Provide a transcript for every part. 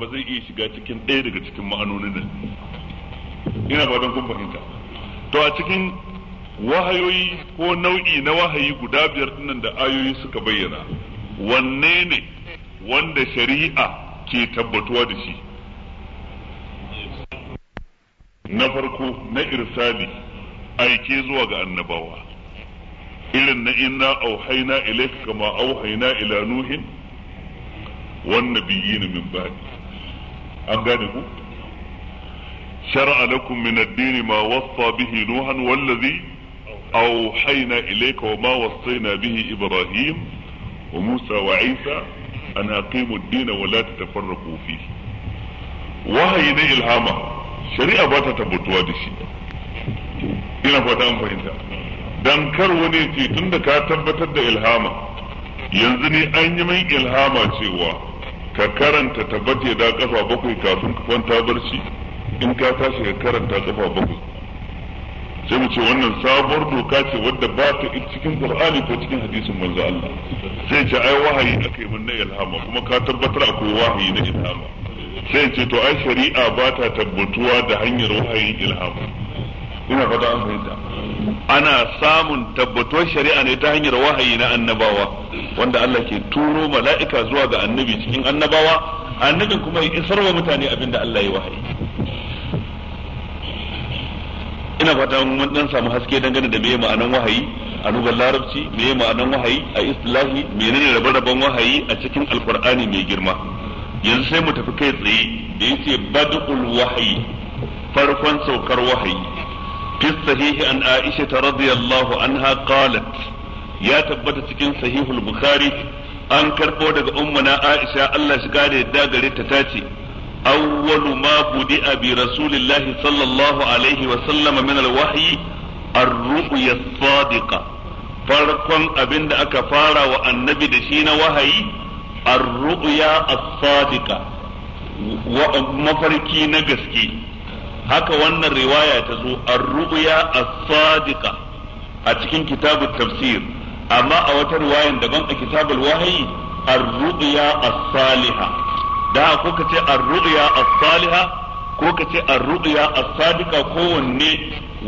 ba zai iya shiga cikin ɗaya daga cikin ma'anonin nan ina ba don fahimta to a cikin wahayoyi ko nau'i na wahayi guda biyar nan da ayoyi suka bayyana wanne ne wanda shari'a ke tabbatuwa da shi na farko na irsali aike zuwa ga annabawa irin na inna auhaina ilaika kama auhaina ila nuhin wan nabiyina min ba'di an gane ku shar'a lakum min ad-din ma wassa bihi nuhan wallazi awhayna ilayka wa ma wassayna bihi ibrahim wa musa wa isa an aqimu ad-din wa la tatafarraqu fihi wahayi ne ilhama shari'a ba ta tabbatuwa da shi ina fata an fahimta dan kar wani ce tunda ka tabbatar da ilhama yanzu ne an yi min ilhama cewa ka karanta ta ya da kafa bakwai kafin ka kwanta barci in ka tashi ka karanta kafa bakwai sai mu ce wannan sabuwar doka ce wadda ba ta cikin qur'ani ko cikin hadisin manzo Allah sai ce ai wahayi akai mun na ilhama kuma ka tabbatar akwai wahayi na ilhama sai ce to ai shari'a ba ta tabbatuwa da hanyar wahayin ilhama ina fata an fahimta ana samun tabbatuwar shari'a ne ta hanyar wahayi na annabawa wanda Allah ke turo mala'ika zuwa ga annabi cikin annabawa annabi kuma ya isar wa mutane abinda Allah ya wahayi ina fata mun dan samu haske dangane da meye ma'anan wahayi a lugar larabci meye ma'anan wahayi a islahi menene rabe-raben wahayi a cikin alkur'ani mai girma yanzu sai mu tafi kai tsaye da yace badul wahayi farkon saukar wahayi في الصحيح عن عائشة رضي الله عنها قالت يا تبت cikin صحيح Bukhari. an karɓo daga ummuna Aisha Allah shi da yadda gare ta tace awwalu ma budi'a bi rasulillahi sallallahu alaihi wa sallam min alwahyi ar-ru'ya as-sadiqa farkon abinda aka fara wa annabi da shi na wahayi ar-ru'ya as-sadiqa mafarki na gaske haka wannan riwaya ta zo ar-ru'ya as-sadiqa a cikin kitabut tafsir amma a wata riwayan daban a kitabul wahyi ar-ru'ya as-saliha da ka ce ar-ru'ya as-saliha ko ka ce ar-ru'ya as-sadiqa kowanne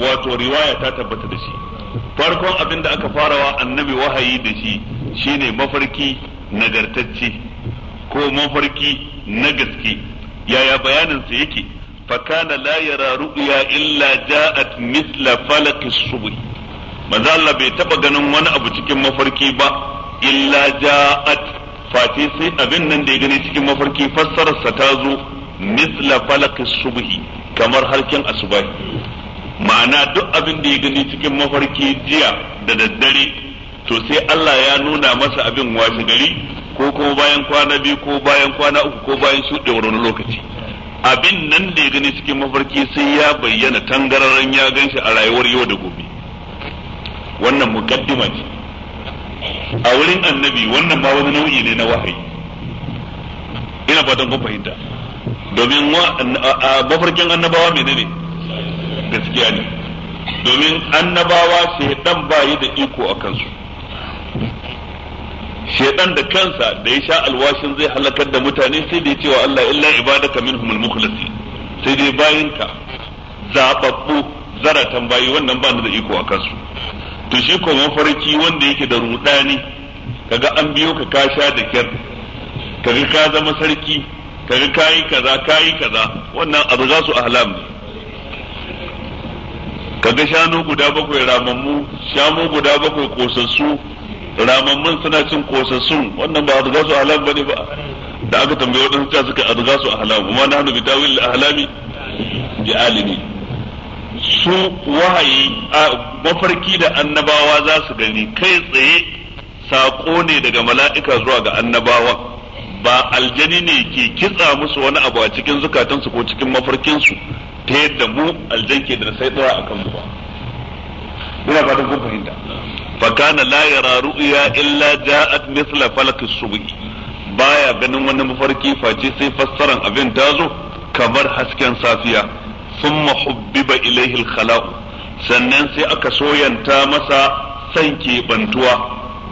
wato riwaya ta tabbata da shi farkon abin da aka farawa annabi wahayi da shi shine mafarki nagartacce ko mafarki na gaske yaya bayanin sa yake fakana la yara ru'ya illa ja'at misla falaki subhi manzo Allah bai taba ganin wani abu cikin mafarki ba illa ja'at fati sai abin nan da ya gani cikin mafarki fassarar ta zo misla falaki subhi kamar harkin asubai ma'ana duk abin da ya gani cikin mafarki jiya da daddare to sai Allah ya nuna masa abin washe gari ko kuma bayan kwana biyu ko bayan kwana uku ko bayan shuɗewar wani lokaci abin nan da ya gani cikin mafarki sai ya bayyana tangararren ya shi a rayuwar yau da gobe wannan mukaddima ce a wurin annabi wannan ba wani nau'i ne na wahayi ina fatan kun fahimta domin mafarkin annabawa ne gaskiya ne domin annabawa shaidan ba yi da iko a kansu shedan da kansa da ya sha alwashin zai halakar da mutane sai da ya cewa Allah illa ibadaka minhum almukhlasi sai dai ka zababbu zaratan tambayi wannan ba da iko a kansu to shi ko mafarki wanda yake da rudani kaga an biyo ka ka sha da kyar kaga ka zama sarki kaga kai kaza kai kaza wannan abu za su ahlam ne kaga shanu guda bakwai ramammu shamu guda bakwai kosassu ramamman suna cin kosassun wannan ba riga su halam bane ba da aka tambaye wadansu ta suka riga su halam kuma na hannu bitawil ahlami bi alimi su wahayi mafarki da annabawa za su gani kai tsaye sako ne daga mala'ika zuwa ga annabawan ba aljani ne ke kitsa musu wani abu a cikin zukatansu ko cikin mafarkinsu ta yadda mu aljan ke da sai tsara a kanmu ba ina fatan kun fahimta fa kana la yara illa ja mithla falak baya ganin wani mafarki face sai fassaran abin ta zo kamar hasken safiya sun hubbiba ba al-khala'u sannan sai aka soyanta masa san bantuwa,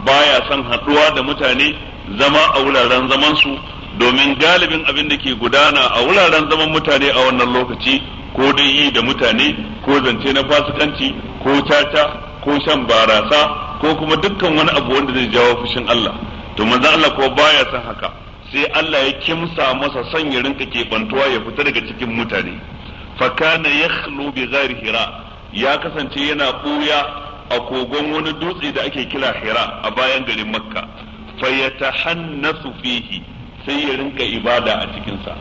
baya son haɗuwa da mutane zama a wuraren zamansu domin galibin abin da ke gudana a wuraren zaman mutane a wannan lokaci ko dai yi da mutane ko zance na fasikanci ko caca ko shan barasa ko kuma dukkan wani abu wanda zai jawo fushin Allah to manzo Allah ko baya san haka sai Allah ya kimsa masa son ya rinka kebantuwa ya fita daga cikin mutane fa kana yakhlu bi ghairi hira ya kasance yana buya a kogon wani dutse da ake kira hira a bayan garin makka fa yatahannasu fihi sai ya rinka ibada a cikinsa. sa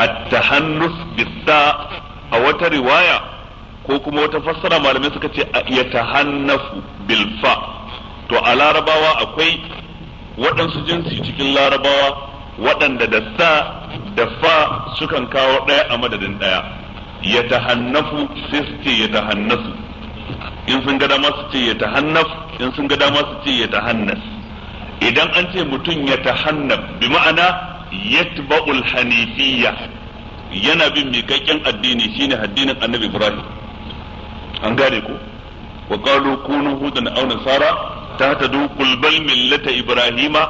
at-tahannus bis a wata riwaya ko kuma wata fassara malamai suka ce ya tahannafu bil fa to a larabawa akwai waɗansu jinsi cikin larabawa waɗanda da sa da fa sukan kawo ɗaya a madadin ɗaya ya tahannafu sai su ce ya tahannasu in sun ga dama su ce ya tahannaf in sun ga dama su ce ya tahannas idan an ce mutum ya tahannaf bi ma'ana yatba'ul hanifiyya yana bin miƙaƙƙen addini shine addinin annabi ibrahim an gane ku wa qalu kunu hudan aw nasara tahtadu qul bal millata ibrahima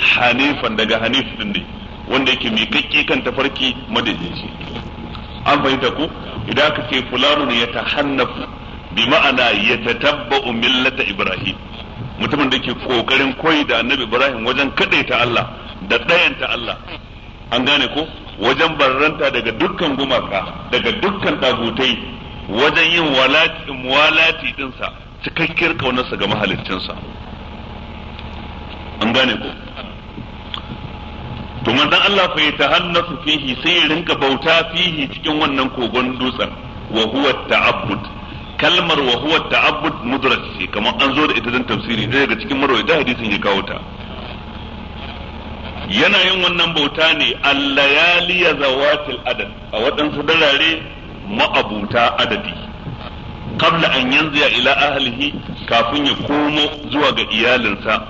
hanifan daga hanif din ne wanda yake miƙaƙƙi kan tafarki madaidaici an fahimta ku idan aka ce fulanun ya tahannafu bi ma'ana ya tatabba'u millata ibrahim mutumin da ke kokarin koyi da annabi ibrahim wajen kadaita Allah da dayanta Allah an gane ko wajen barranta daga dukkan gumaka daga dukkan dagutai wajen yin walati dinsa cikakkiyar kaunarsa ga mahalicinsa an gane ko to manzon Allah fa yatahannasu fihi sai ya rinka bauta fihi cikin wannan kogon dutsen wa huwa ta'abbud kalmar wa huwa ta'abbud ce kamar an zo da ita dan tafsiri dai daga cikin marwayi hadisin ya kawo ta yana yin wannan bauta ne al-layali zawatil adad a wadansu darare ma'abuta adadi qabla an yanzu ila ahlihi kafin ya komo zuwa ga iyalinsa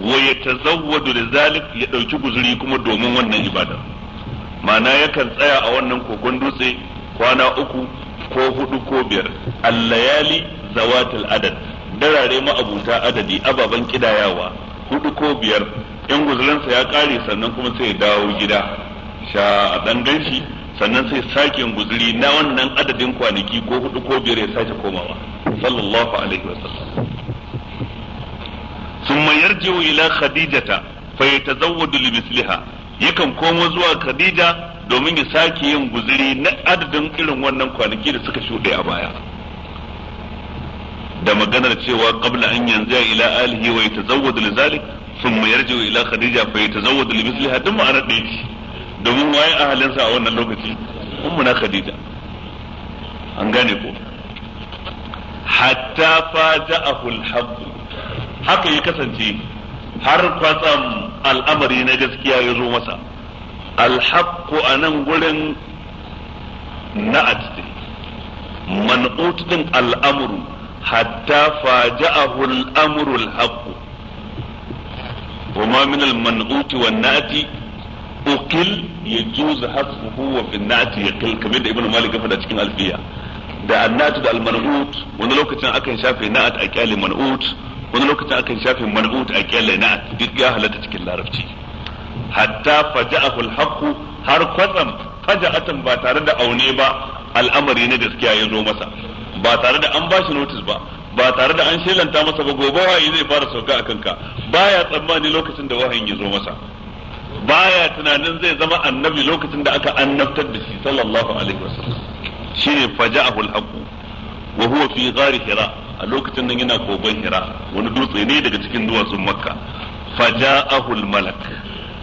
wa da zalik ya ɗauki guzuri kuma domin wannan ibada ma'ana yakan tsaya a wannan kogon dutse kwana uku ko hudu ko biyar allayali zawatul adad darare ma'abuta adadi ababen kidayawa hudu ko biyar in guzurinsa ya kare sannan kuma sai ya dawo gida sha a dan ganshi sannan sai sake guzuri na wannan adadin kwanaki ko hudu ko biyar ya sake komawa sallallahu alaihi wasallam summa yarji'u ila khadijata fa yatazawwadu li misliha yakan komo zuwa khadija domin ya sake yin guzuri na adadin irin wannan kwanaki da suka shuɗe a baya da maganar cewa qabla an yanzu ila alihi wa yatazawwadu li zalik summa yarji'u ila khadija fa yatazawwadu li misliha duk ma'anar da yake. domin waye ahalinsa a wannan lokaci na khadija an gane ko hatta faja'ahu al-haqq haka ya kasance har kwatsam al'amari na gaskiya ya zo masa alhaqqu a nan gurin na'at din man'ut din al'amru hatta faja'ahu al-amru al min al-man'uti wan na'ati. ukil yajuzu hasfuhu huwa fi nati yaqil kamar da ibnu malik ya faɗa cikin alfiya da annatu da alman'ut wani lokacin akan shafe na'at a kyale man'ut wani lokacin akan shafe man'ut a kyale na'at duk ya halatta cikin larabci hatta faja'ahu alhaqu har kwatsam faja'atan ba tare da aune ba al'amari ne gaskiya ya zo masa ba tare da an bashi notice ba ba tare da an shelanta masa ba gobe wahayi zai fara sauka a kanka baya tsammani lokacin da wahayin ya zo masa baya tunanin zai zama annabi lokacin da aka annabtar da shi sallallahu alaihi wasallam shine faja'ahu al-haqq wa huwa fi ghar hira a lokacin nan yana koban hira wani dutse ne daga cikin duwatsun makka faja'ahu al-malak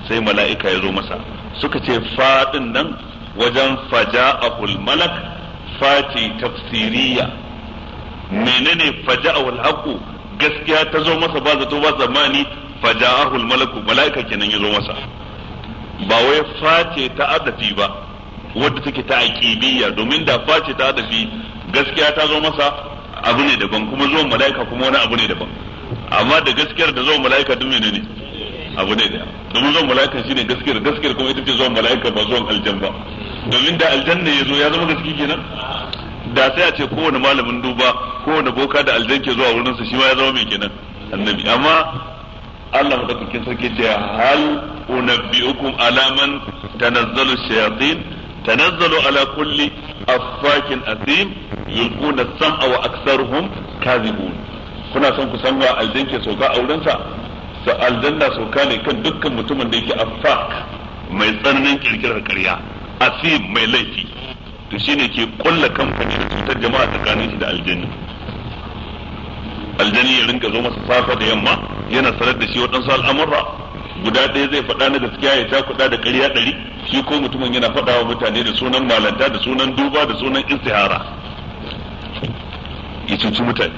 sai mala'ika ya zo masa suka ce fadin nan wajen faja'ahu al-malak fati tafsiriya menene faja'ahu al-haqq gaskiya ta zo masa ba zato ba zamani faja'ahu al-malaku mala'ika kenan ya zo masa ba wai face ta adafi ba wadda take ta aqibiyya domin da face ta adafi gaskiya ta zo masa abu ne daban kuma zuwan mala'ika kuma wani abu ne daban amma da gaskiyar da zuwan mala'ika duk ne abu ne da domin zuwan mala'ika shine gaskiyar gaskiyar kuma ita ce zuwan mala'ika ba zuwan aljan ba domin da aljanna ya zo ya zama gaske kenan da sai a ce kowane malamin duba kowane boka da aljan ke zuwa wurinsa shi ma ya zama mai kenan annabi amma Allah madaukakin sarki ce hal unabbi'ukum alaman tanazzalu shayatin tanazzalu ala kulli affakin azim yulquna sam'a wa aktharuhum kadhibun kuna son ku san wa aljan sauka a wurinsa sa aljanna sauka ne kan dukkan mutumin da yake fak mai tsananin kirkirar karya asim mai laifi to shine ke kulla kamfani da cutar jama'a tsakanin shi da aljanna aljani ya rinka zo masa safe da yamma yana sanar da shi waɗansu al'amurra guda ɗaya zai faɗa na gaskiya ya ta kuɗa da ƙarya ɗari shi ko mutumin yana faɗa wa mutane da sunan malanta da sunan duba da sunan istihara ya cuci mutane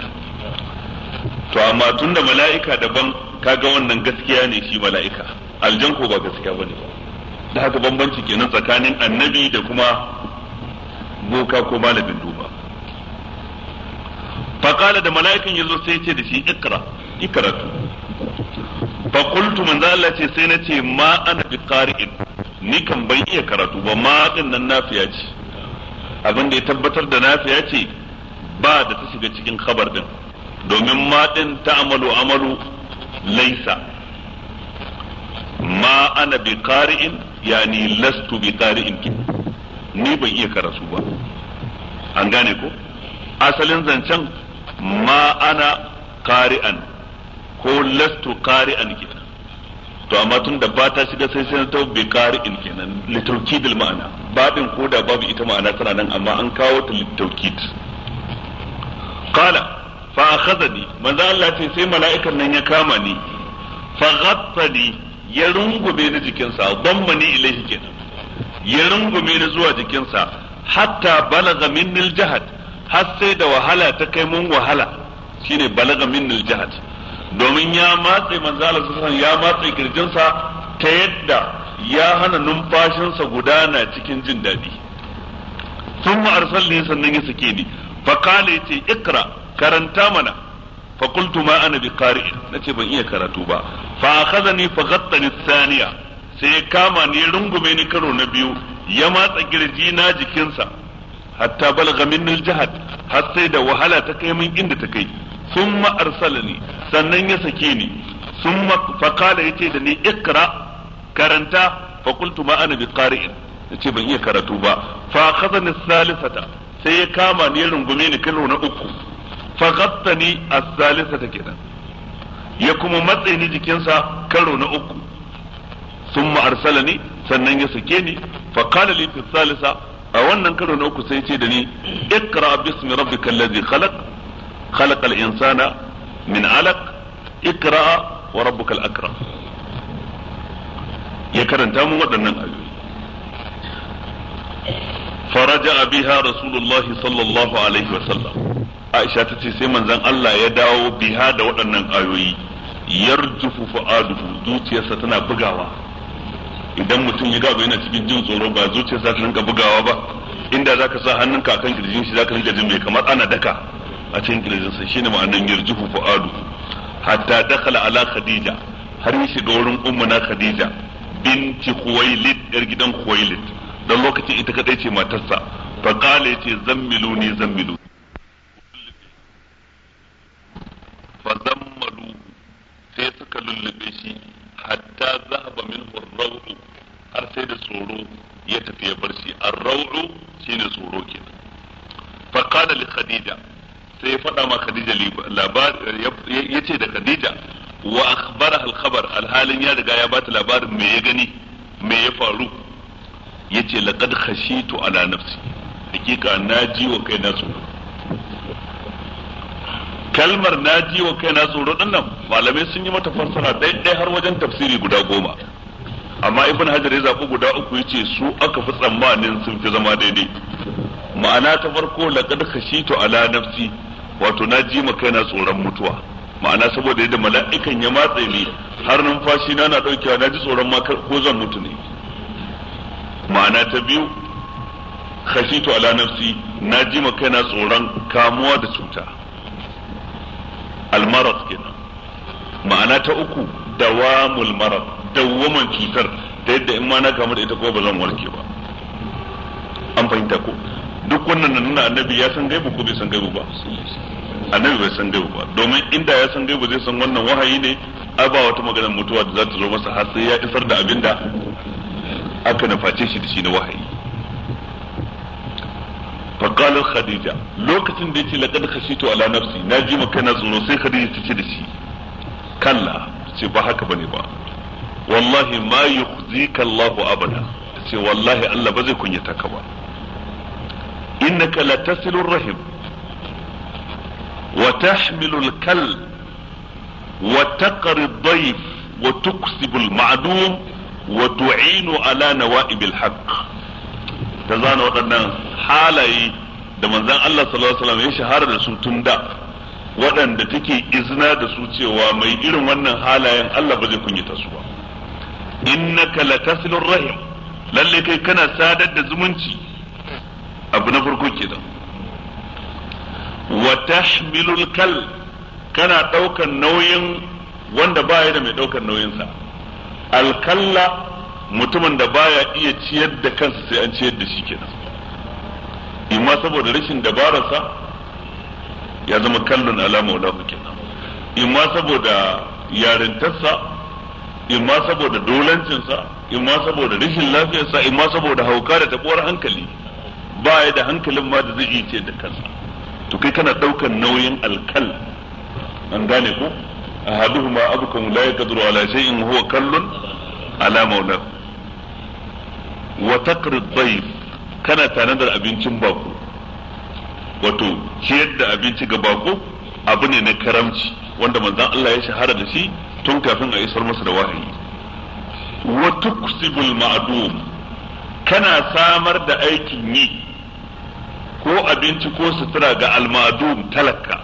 to amma tun da mala'ika daban kaga wannan gaskiya ne shi mala'ika aljan ko ba gaskiya ne ba da haka bambanci kenan tsakanin annabi da kuma boka ko malamin duba faƙala da mala'ikan yazo sai ya ce da shi ikra ikratu fa qultu Allah ce sai na ce ma ana bi qari'in ni kan ban iya karatu ba ma din nan nafiya ce abin da ya tabbatar da nafiya ce ba da ta shiga cikin khabar din domin ma din ta amalu amalu laisa ma ana bi qari'in yani lastu bi qari'in ni ban iya karatu ba an gane ko asalin zancen ma ana qari'an ko lastu qari'an kenan to amma tun da ba ta shiga sai sai ta bi in kenan litaukidil ma'ana babin ko da babu ita ma'ana tana nan amma an kawo ta litaukid qala fa akhadhani manzo Allah ce sai mala'ikan nan ya kama ni fa ghaffani ya rungume ni jikinsa dammani ilaihi kenan ya rungume ni zuwa jikinsa hatta balaga minnil jahad har sai da wahala ta kai mun wahala shine balaga minnil jahad domin ya matse manzala sassan ya matse kirjinsa ta yadda ya hana numfashinsa gudana cikin jin daɗi sun ma'arsal ne sannan ya sake ni faƙala ya ce ikra karanta mana faƙultu ma ana bi ƙari'in na ce ban iya karatu ba fa kaza ni fa ni saniya sai ya kama ni ya rungume ni karo na biyu ya matsa girji na jikinsa hatta balaga min jihad har sai da wahala ta kai min inda ta kai summa arsalani sannan ya sake ni summa faqala yace da ni ikra karanta fa qultu ma ana biqari'in yace ban iya karatu ba fa akhadhani salisata sai ya kama ni rungume ni karo na uku fa ghattani as-salisata kenan ya kuma matse ni jikinsa karo na uku summa arsalani sannan ya sake ni salisa a wannan karo na uku sai ce da ni ikra bismi khalaqal insana min alaq iqra wa rabbukal akram ya karanta mu waɗannan ayoyi faraja biha rasulullahi sallallahu alaihi wa sallam aisha ta ce sai manzan Allah ya dawo biha da waɗannan ayoyi yarjufu zuciyarsa tana bugawa idan mutum ya gaba yana cikin jin tsoro ba zuciyarsa ta rinka bugawa ba inda zaka sa hannunka akan kirjin shi zaka rinka jin kamar ana daka a cikin sa shine ma'anar yarjihu fu'adu hatta dakala ala khadija har ya shiga wurin ummuna khadija binti khuwailid yar gidan khuwailid dan lokacin ita kadai ce matarsa fa qala yace zammiluni zammilu fa zammalu sai suka lullube shi hatta zahaba minhu ar-raw'u har sai da tsoro ya tafi ya bar shi ar-raw'u shine tsoro kenan fa qala li khadija sai ya faɗa ma Khadija labarin ya ce da Khadija wa akhbara al khabar alhalin ya riga ya ta labarin me ya gani me ya faru yace laqad khashitu ala nafsi hakika na wa kai na tsoro kalmar na wa kai na tsoro din nan malamai sun yi mata fassara dai har wajen tafsiri guda goma amma ibn hajar ya zaɓi guda uku yace su aka fi tsammanin sun fi zama daidai ma'ana ta farko laqad khashitu ala nafsi wato na ji ma kaina tsoron mutuwa ma'ana saboda yadda mala'ikan ya matse ni har numfashi na na daukewa na ji tsoron ma ko zan mutu ne ma'ana ta biyu khashitu ala nafsi na ji ma kaina tsoron kamuwa da cuta almarad kenan ma'ana ta uku dawamul marad dawwaman cutar da yadda in ma na kamu da ita ko ba zan warke ba an fahimta ko duk wannan na nuna annabi ya san gaibu ko bai san gaibu ba annabi bai san gaibu ba domin inda ya san gaibu zai san wannan wahayi ne a ba wata maganar mutuwa da za ta zo masa har sai ya isar da abin da aka naface shi da shi na wahayi faqalat khadija lokacin da yace laqad khashitu ala nafsi naji maka na tsoro sai khadija ta ce da shi kalla ce ba haka bane ba wallahi ma yukhzika Allahu abada ce wallahi Allah ba zai kunyata ka ba انك لتصل الرحم وتحمل الكلب وتقر الضيف وتكسب المعدوم وتعين على نوائب الحق ta zana waɗannan halaye da manzan Allah sallallahu alaihi wasallam ya shahara da su tun da waɗanda take izina da su cewa mai irin wannan halayen Allah ba zai kunyata su ba innaka latasilur rahim lalle kai kana sadar da zumunci abu na farko kenan wa tahmilul kal kana daukan nauyin wanda ba ya da mai daukan nauyinsa alkalla mutumin da baya iya ciyar da kansa sai an ciyar da shi kenan imma saboda rashin dabararsa ya zama kallon alama wala kenan imma saboda yarintarsa imma saboda dolancinsa imma saboda rashin lafiyarsa imma saboda hauka da taɓuwar hankali ba ya da hankalin ma da zai iya ce da kansa to kai kana ɗaukar nauyin alkal an gane ko ma abukum la yaqdiru ala shay'in huwa kallun ala maulahu wa taqri dayf kana tanadar abincin bako wato ciyar da abinci ga bako abu ne na karamci wanda manzon Allah ya shahara da shi tun kafin a isar masa da wahayi wa tuksibul ma'dum kana samar da aikin yi ko abinci ko sutura ga almadum talaka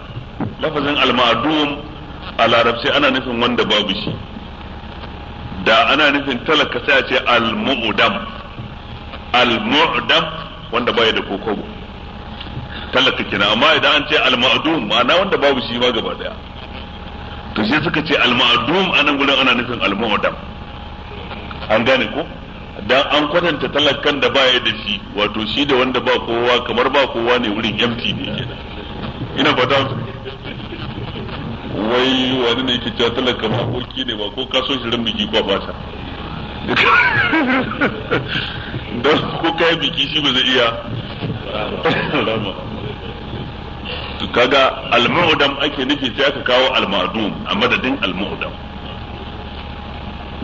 lafazin almadum a larabci ana nufin wanda babu shi da ana nufin talaka sai a ce almu'udam almu'udam wanda baya da kokobo talaka kina amma idan an ce almadum ma'ana wanda babu shi ma gaba daya to sai suka ce almadum anan gudan ana nufin almu'udam an gane ko dan an kwatanta talakan da ya da shi wato shi da wanda ba kowa kamar ba kowa ne wurin empty ne kenan ina fata wai wani ne yake cewa talaka ma aboki ne ba ko ka so shi biki ko ba ta don ko kai biki shi ba zai iya kaga al-mu'dam ake nufi sai aka kawo al-ma'dum a madadin al-mu'dam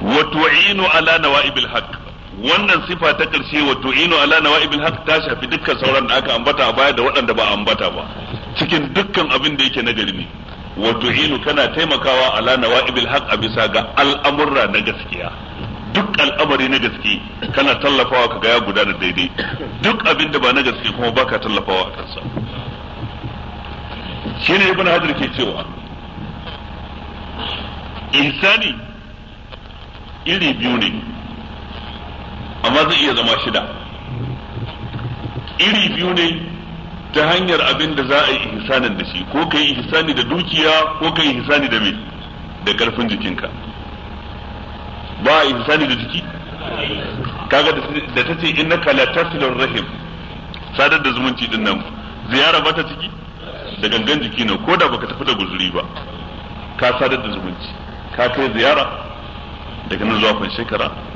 wa tu'inu ala nawaibil haqq wannan sifa ta karshe wa tu'inu ala nawa'ibil haqq ta shafi dukkan sauran da aka ambata a baya da waɗanda ba ambata ba cikin dukkan abin da yake nagari ne wa tu'inu kana taimakawa ala nawa'ibil haqq a bisa ga al'amurra na gaskiya duk al'amari na gaske kana tallafawa ka ya gudana daidai duk abin da ba na gaske kuma baka tallafawa a kansa shine ibn hajar ke cewa Insani iri biyu ne amma zai iya zama shida iri biyu ne ta hanyar abin da za a yi ihsanin da shi ko ka yi ihsani da dukiya ko ka yi ihsani da mai da karfin jikinka ba a ihsani da jiki kaga da ta ce innaka la tasilur rahim sadar da zumunci din nan ziyara ba ta ciki da gangan jiki ne ko da baka tafi da guzuri ba ka sadar da zumunci ka kai ziyara daga nan zuwa kan shekara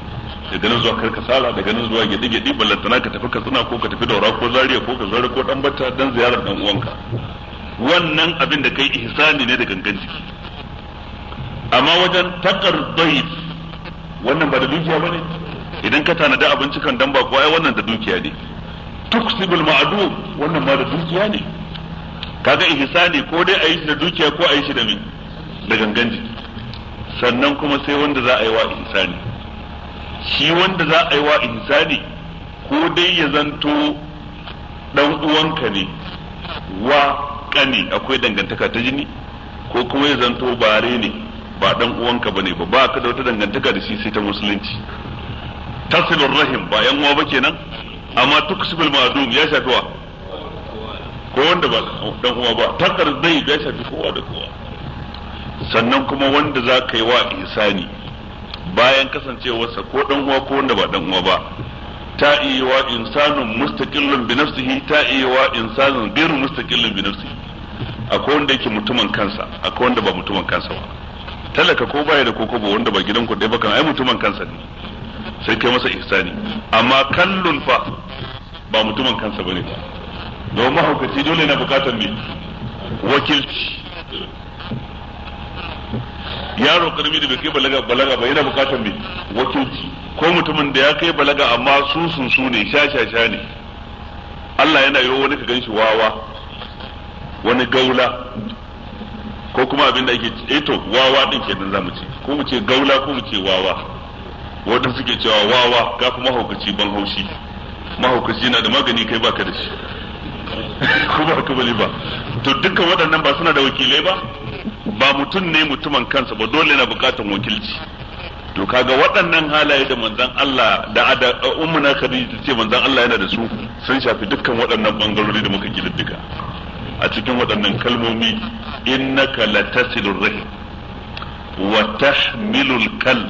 Da ganin zuwa karkasara da ganin zuwa gidi gidi ballanta ka tafi katsina ko ka tafi daura ko zaria ko ka zare ko dan bata dan ziyarar dan uwanka wannan abin da kai ihsani ne da gangan jiki amma wajen takar dayif wannan ba da dukiya bane idan ka tanada abinci kan dan bako ai wannan da dukiya ne tuksibul ma'dum wannan ma da dukiya ne kaga ihsani ko dai a yi shi da dukiya ko a yi shi da me da gangan jiki sannan kuma sai wanda za a yi wa ihsani shi wanda za a yi wa insani ko dai ya zanto dan uwanka ne wa kani akwai dangantaka ta jini ko kuma ya zanto bare ne ba dan uwanka bane ba ba ka da wata dangantaka da shi sai ta musulunci tasilur rahim ba yan uwa ba kenan amma tuksibul ma'dum ya shafi wa ko wanda ba dan uwa ba takar zai ya shafi kowa da kowa sannan kuma wanda za ka yi wa insani. bayan kasancewarsa ko dan uwa ko wanda ba dan uwa ba ta iya wa insanun mustaqillun bi nafsihi ta iya wa insanun ghairu mustaqillun bi nafsihi akwai wanda yake mutumin kansa akwai wanda ba mutumin kansa ba talaka ko baya da koko ba wanda ba gidan ku dai ba kan ai mutumin kansa ne sai kai masa ihsani amma kallun fa ba mutumin kansa bane don mahaukaci dole na bukatar me wakilci yaro karmi da bai kai balaga balaga ba yana bukatar mai wakilci ko mutumin da ya kai balaga amma su sun su ne sha sha sha ne Allah yana yi wani ka ganshi wawa wani gaula ko kuma abin da ake eto eh wawa din kenan zamu ce ko mu ce gaula ko mu ce wawa wanda suke cewa wawa ka kuma haukaci ban haushi mahaukaci na da magani kai baka da shi kuma ka bali ba to dukkan waɗannan ba suna da wakilai ba ba mutum ne mutumin kansa ba dole na bukatan wakilci to kaga waɗannan halaye da manzon Allah da da ummuna Khadija ce manzon Allah yana da su sun shafi dukkan waɗannan bangarori da muka duka. a cikin waɗannan kalmomi innaka latasilur rahim wa tahmilul kal.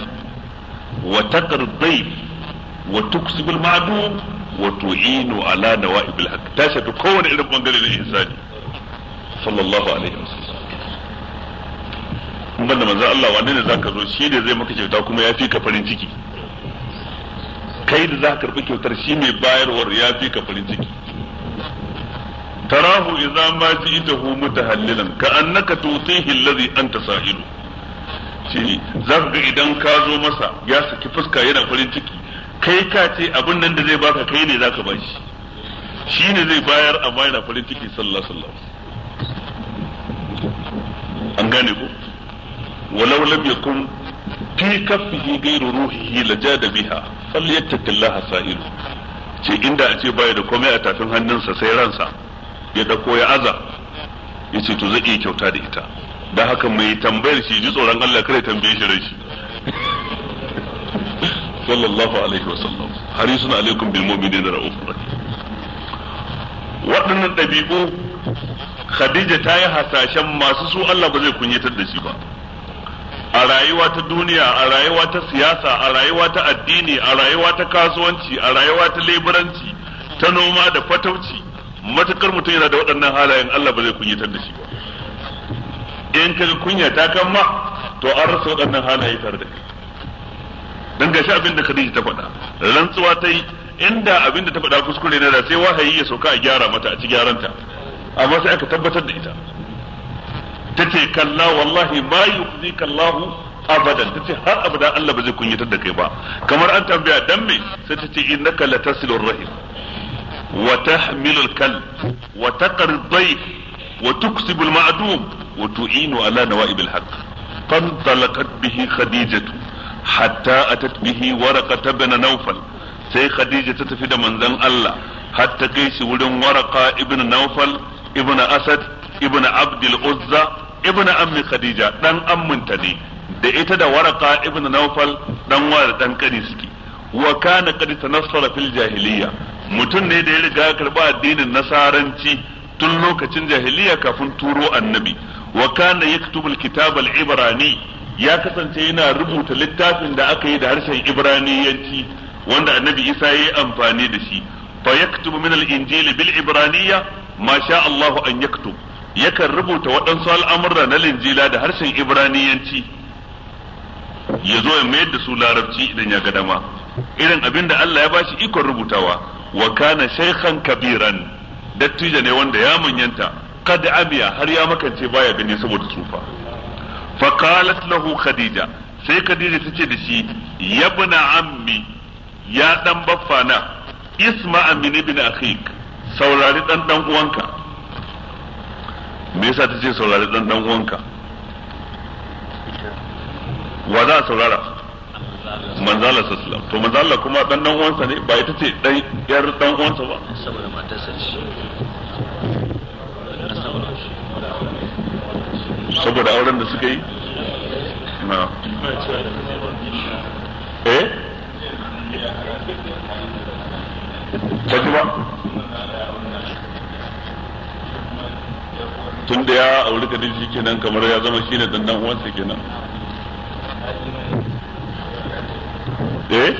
wa taqrdayf wa tuksibul ma'dum wa tu'inu ala nawa'ibil haqq ta shafi kowane irin bangare na insani sallallahu alaihi wasallam in banda manzan Allah wanda ne za ka zo shi ne zai maka kyauta kuma ya fi ka farin ciki kai da za ka karɓi kyautar shi mai bayarwar ya fi ka farin ciki tarahu idza ma ji'tahu mutahallilan ka annaka tutihi alladhi anta sa'ilu shi zaka ga idan ka zo masa ya saki fuska yana farin ciki kai ka ce abin nan da zai baka kai ne za zaka bashi shi ne zai bayar amma yana farin ciki sallallahu alaihi wasallam an gane ko ولو لم يكن في كفه غير روحه لجاد بها فليتق الله سائله ce inda a ce baya da komai a tafin hannunsa sai ransa ya dauko ya aza ya ce to zai iya kyauta da ita da haka mai tambayar shi ji tsoron Allah kare tambaye shi rai shi sallallahu alaihi wa sallam harisun alaikum bil mu'minina ra'ufur waɗannan ɗabi'u Khadija ta yi hasashen masu su Allah ba zai kunyatar da shi ba a rayuwa ta duniya a rayuwa ta siyasa a rayuwa ta addini a rayuwa ta kasuwanci a rayuwa ta leburanci ta noma da fatauci matukar mutum yana da waɗannan halayen Allah ba zai kunyatar da shi ba in ga kunya ta kan ma to an rasa waɗannan halaye tare da kai dan gashi abin da Khadija ta faɗa rantsuwa ta yi inda abin da ta faɗa kuskure ne da sai wahayi ya sauka a gyara mata a ci gyaranta amma sai aka tabbatar da ita tace kalla wallahi ba yukhzika Allah abadan tace har abada Allah ba zai kunyatar da kai ba kamar an tambaya dan me sai tace innaka latasilur rahim wa tahmilul kal wa taqri dhayf wa tuksibul ma'dum wa tu'inu ala nawaibil haqq فانطلقت bihi khadijatu hatta atat bihi ورقة ibn nawfal sai Khadija ta tafi da manzon Allah har ta kai shi wurin waraka ibn nawfal ibn Asad ibn abdul uzza ibn ammi khadija dan amminta ne da ita da waraka ibn nawfal dan wa da dan kani suke wa kana qad tanassara fil jahiliya mutum ne da ya riga karba addinin nasaranci tun lokacin jahiliya kafin turo annabi wa kana yaktubu al al-ibrani ya kasance yana rubuta littafin da aka yi da harshen ibraniyanci wanda annabi isa ya yi amfani da shi fa yaktubu min al bil ibraniyya ma sha Allahu an yaktub yakan rubuta waɗansu al'amurra na linjila da harshen ibraniyanci ya zo ya mayar da su larabci idan ya ga dama irin abin da Allah ya ba shi ikon rubutawa wa kana shaykhan kabiran dattijo ne wanda ya manyanta Kada abiya har ya makance baya gani saboda tsufa fa qalat lahu khadija sai khadija ta ce da shi yabna ammi ya dan baffana isma'a min ibn akhik saurari dan dan uwanka me yasa ta ce saurari dan dan uwanka wa za a saurara manzo Allah sallam to manzala kuma dan dan uwansa ne ba ita ce dan yar dan uwansa ba saboda matarsa ce saboda auren da suka yi na eh ta ji ba tun da ya auri ka shi kenan kamar ya zama shine dan dan uwansa kenan eh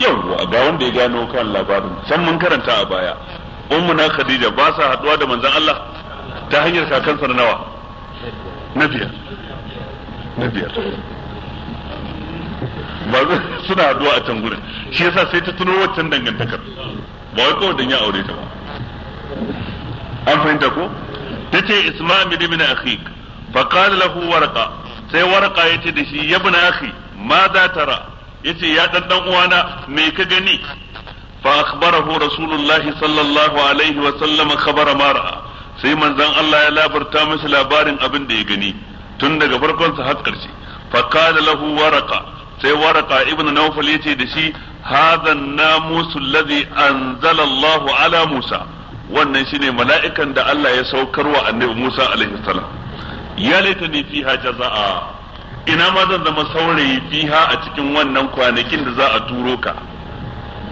yau ga wanda ya gano kan labarin can mun karanta a baya na khadija ba sa haduwa da manzon Allah ta hanyar kakansa na nawa na biyar na biyar ba suna haduwa a can gurin shi yasa sai ta tuno wancan dangantakar ba wai kawai dan ya aure ta ba an fahimta ko tace isma'il ibn akhik fa qala lahu warqa sai warqa yace da shi ibn akhi ma za tara yace ya dan dan uwana me ka gani fa akhbarahu rasulullah sallallahu alaihi wa sallam khabara ma ra'a sai manzon Allah ya labarta masa labarin abin da ya gani tun daga farkon sa har karshe fa qala lahu warqa sai warqa ibn nawfal yace da shi hadha an-namus alladhi anzala Allah ala Musa wannan shine mala'ikan da Allah ya saukarwa annabi Musa alaihi salam ya laita ni fiha jazaa ina ma zan zama saurayi fiha a cikin wannan kwanakin da za a turo ka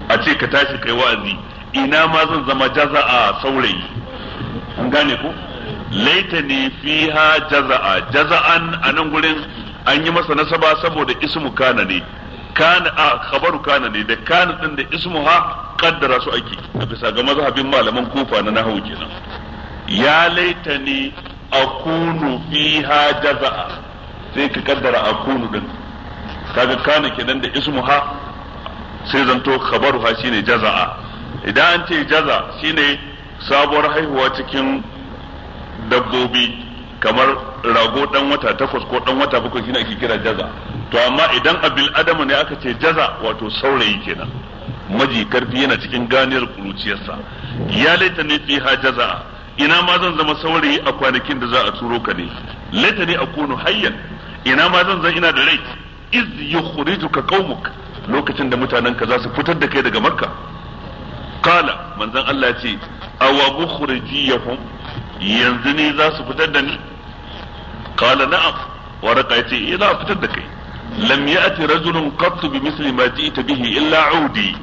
a ce ka tashi kai wa'azi ina ma zan zama jazaa saurayi an gane ko laita ni fiha jazaa jaza'an anan gurin an yi masa nasaba saboda ismu kana ne kana a khabaru kana ne da kana din da ismuha kaddara su ake a bisa ga mazhabin malaman kufa na nahawu kenan ya laitani akunu fiha jaza'a sai ka kaddara akunu din kaga kana kenan da ismuha sai zanto ha shine jaza'a idan an ce jaza shine sabuwar haihuwa cikin dabbobi kamar rago dan wata takwas ko dan wata bakwai shine ake kira jaza to amma idan abil adama ne aka ce jaza wato saurayi kenan maji karfi yana cikin ganiyar kuruciyarsa ya laita ne fi ha jaza ina ma zan zama saurayi a kwanakin da za a turo ka ne laita ne a kunu hayyan ina ma zan zan ina da rai iz yukhrijuka qaumuk lokacin da mutanen ka za su fitar da kai daga makka kala manzon Allah ce awa mukhrijiyahum yanzu ne za su fitar da ni kala na'am wa raqaiti ila fitar da kai lam ya'ti rajulun qat bi misli ma ji'ta bihi illa audi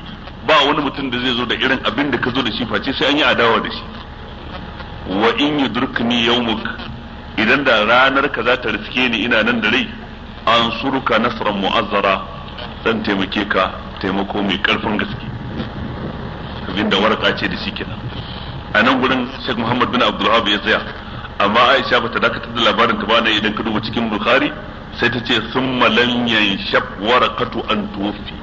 ba wani mutum da zai zo da irin abin da ka zo da shi face sai an yi adawa da shi wa in yudrikni yawmuk idan da ranar ka za ta riske ni ina nan da rai an suruka nasran mu'azzara zan taimake ka taimako mai karfin gaske Abin da waraka ce da shi kenan a nan gurin Sheikh Muhammad bin Abdul ya tsaya amma Aisha bata dakatar da labarin ta ne idan ka duba cikin Bukhari sai ta ce sun malam yanshab warakatu an tufi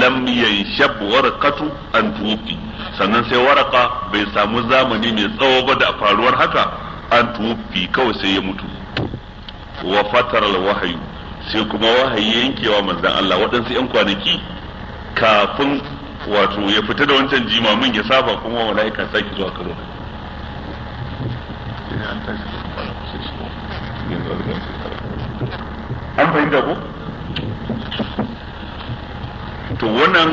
lam yanshab warakatu an tufi sannan sai waraka bai samu zamani mai tsawo ba da faruwar haka an tufi kawai sai ya mutu wa fatar wahayu sai kuma wahayi yankewa manzan Allah waɗansu 'yan kwanaki kafin wato ya fita da wancan jimamin ya saba kuma mala'ika sake zuwa karo. an fahimta ko to wannan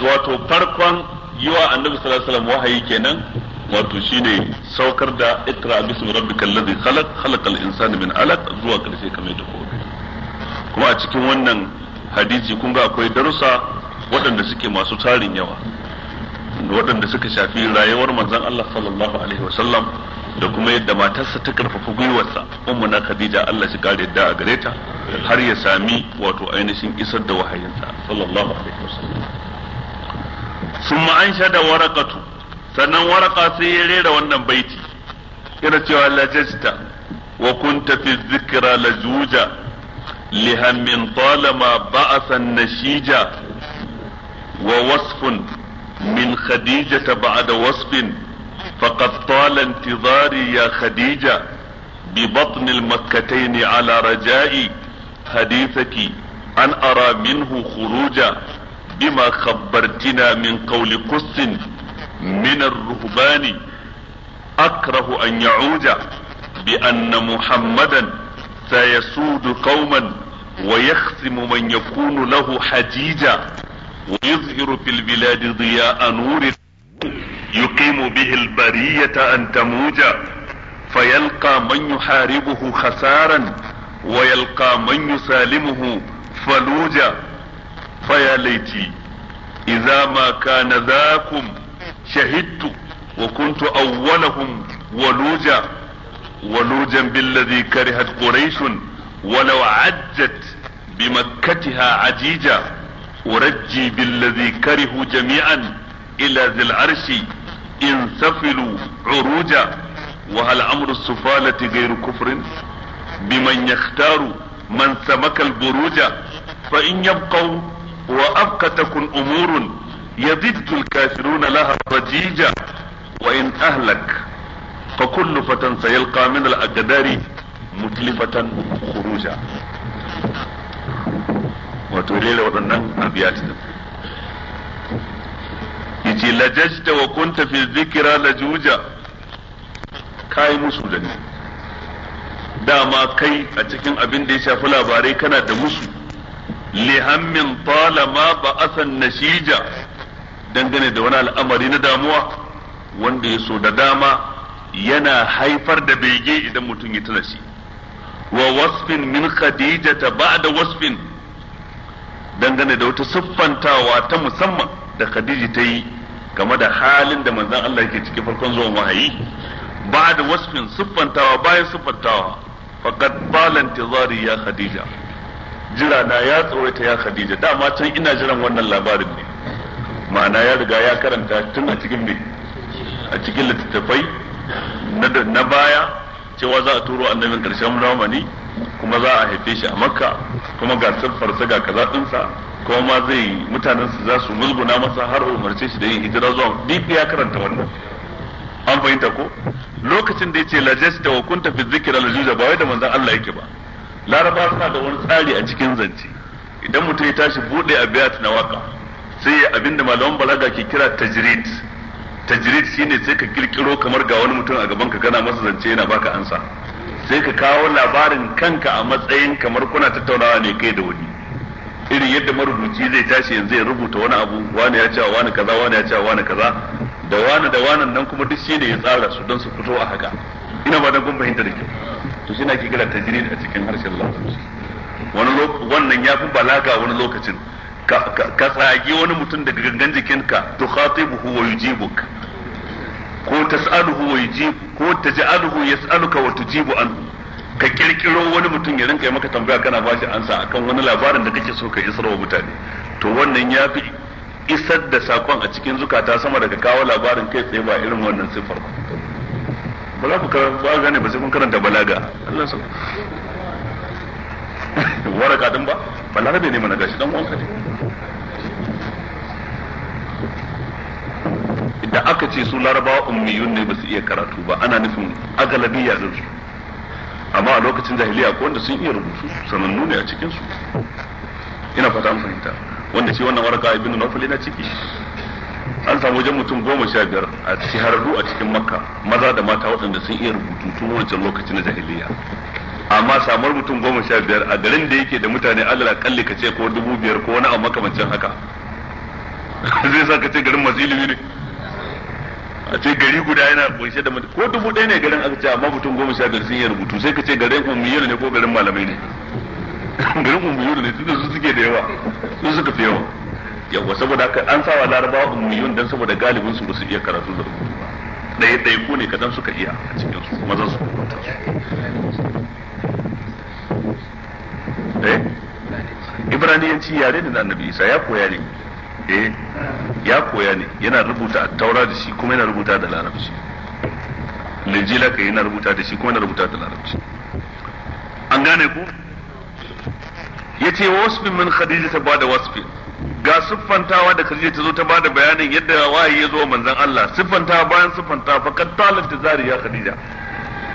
wato farkon yiwa annabi sallallahu alaihi wasallam wahayi kenan wato shine saukar da ikra bismi rabbikal ladhi khalaq khalaqal insana min alaq zuwa karshe kamar da ko kuma a cikin wannan hadisi kun ga akwai darussa waɗanda suke masu tarin yawa waɗanda suka shafi rayuwar manzon Allah sallallahu alaihi wasallam da kuma yadda matarsa ta karfafa gwiwarsa ummu na Khadija Allah shi kare yadda a gare ta har ya sami wato ainihin isar da wahayinsa sallallahu alaihi wasallam summa an shada waraqatu sannan waraka sai ya rera wannan baiti ina cewa lajasta wa kunta fi dhikra lajuja lihammin talama ba'asan nashija wa wasfun من خديجة بعد وصف فقد طال انتظاري يا خديجة ببطن المكتين على رجائي حديثك أن أرى منه خروجا بما خبرتنا من قول قس من الرهبان أكره أن يعود بأن محمدا سيسود قوما ويخصم من يكون له حجيجا ويظهر في البلاد ضياء نور يقيم به البرية أن تموج فيلقى من يحاربه خسارا ويلقى من يسالمه فلوجا فيا ليتي إذا ما كان ذاكم شهدت وكنت أولهم ولوجا ولوجا بالذي كرهت قريش ولو عجت بمكتها عجيجا ورجي بالذي كرهوا جميعا الى ذي العرش ان سفلوا عروجا وهل امر السفالة غير كفر بمن يختار من سمك البروج فان يبقوا وابقى تكن امور يضد الكافرون لها ضجيجا وان اهلك فكل فتى سيلقى من الاقدار متلفة خروجا wato rera waɗannan abiyat yace lajajta wa kunta fi dhikra lajuja kai musu da ni dama kai a cikin abin da ya shafi labarai kana da musu lihammin talama ba asan nashija dangane da wani al'amari na damuwa wanda ya so da dama yana haifar da bege idan mutum ya tana shi wa wasfin min khadija ta ba da wasfin dangane da wata siffantawa ta musamman da Khadija ta yi game da halin da manzon Allah yake ciki farkon zuwan wahayi ba da wasfin siffantawa bayan siffantawa faqad bala intizari ya Khadija jira na ya tsorata ya Khadija dama can ina jiran wannan labarin ne ma'ana ya riga ya karanta tun a cikin ne a cikin littattafai na baya cewa za a turo annabin ƙarshen ramani kuma za a haife shi a makka kuma ga siffarsa ga kaza ɗinsa kuma ma zai mutanen su za su musguna masa har umarce shi da yin hijira zuwa duk ya karanta wannan an fahimta ko lokacin da yace lajas da kunta fi zikra lajuja ba wai da manzon Allah yake ba laraba suna da wani tsari a cikin zance idan mutum ya tashi bude a abiyat na waka sai ya abinda malaman balaga ke kira tajrid tajrid shine sai ka kirkiro kamar ga wani mutum a gaban ka kana masa zance yana baka ansa sai ka kawo labarin kanka a matsayin kamar kuna tattaunawa ne kai da wani irin yadda marubuci zai tashi yanzu ya rubuta wani abu wani ya cewa wani kaza wani ya cewa wani kaza da wani da wani nan kuma duk shi ne ya tsara su don su fito a haka ina ba da kun fahimta da kyau to shi na ke kira tajrid a cikin harshen larabci wani wannan ya fi balaga wani lokacin ka tsagi wani mutum daga gangan jikinka khatibuhu wa yujibuk ko tas'aluhu wa yujibu ko taj'aluhu yas'aluka wa tujibu an ka kirkiro wani mutum ya rinka maka tambaya kana ba shi ansa akan wani labarin da kake so ka isar wa mutane to wannan ya fi isar da sakon a cikin zukata sama daga kawo labarin kai tsaye ba irin wannan siffar ba za ku ba gane ba sai kun karanta balaga Allah sa waraka din ba balaga ne mana gashi dan wanka ne da aka ce su larabawa ummiyun ne ba su iya karatu ba ana nufin agalabiya din su amma a lokacin jahiliya ko wanda sun iya rubutu sanannu ne a cikin su ina fata an fahimta wanda shi wannan waraka ibn nawfal yana ciki an samu wajen mutum goma sha biyar a shahararru a cikin makka maza da mata waɗanda sun iya rubutu tun wancan lokacin na jahiliya amma samar mutum goma sha biyar a garin da yake da mutane alal kalli ka ce ko dubu biyar ko wani abu makamancin haka zai sa ka ce garin masu ilimi ne a ce gari guda yana kunshe da ko dubu ɗaya ne garin aka ce amma mutum goma sha biyar sun yi rubutu sai ka ce garin ummiyar ne ko garin malamai ne garin ummiyar ne tunda su suke da yawa su suka fi yawa yawa saboda haka an sawa larabawa ummiyun dan saboda galibin su ba su iya karatu da rubutu ba ɗaya ɗaya ko ne kadan suka iya a cikin su kuma zan su rubuta eh ibraniyanci yare ne na annabi isa ya koya ne eh ya koya ne yana rubuta a taura da shi kuma yana rubuta da larabci linjila kai yana rubuta da shi kuma yana rubuta da larabci an gane ku Ya ce wasfin min khadija ta bada wasfin ga siffantawa da Khadija ta zo ta bada bayanin yadda wahayi ya zo manzon Allah siffantawa bayan siffantawa fa kad zari ya Khadija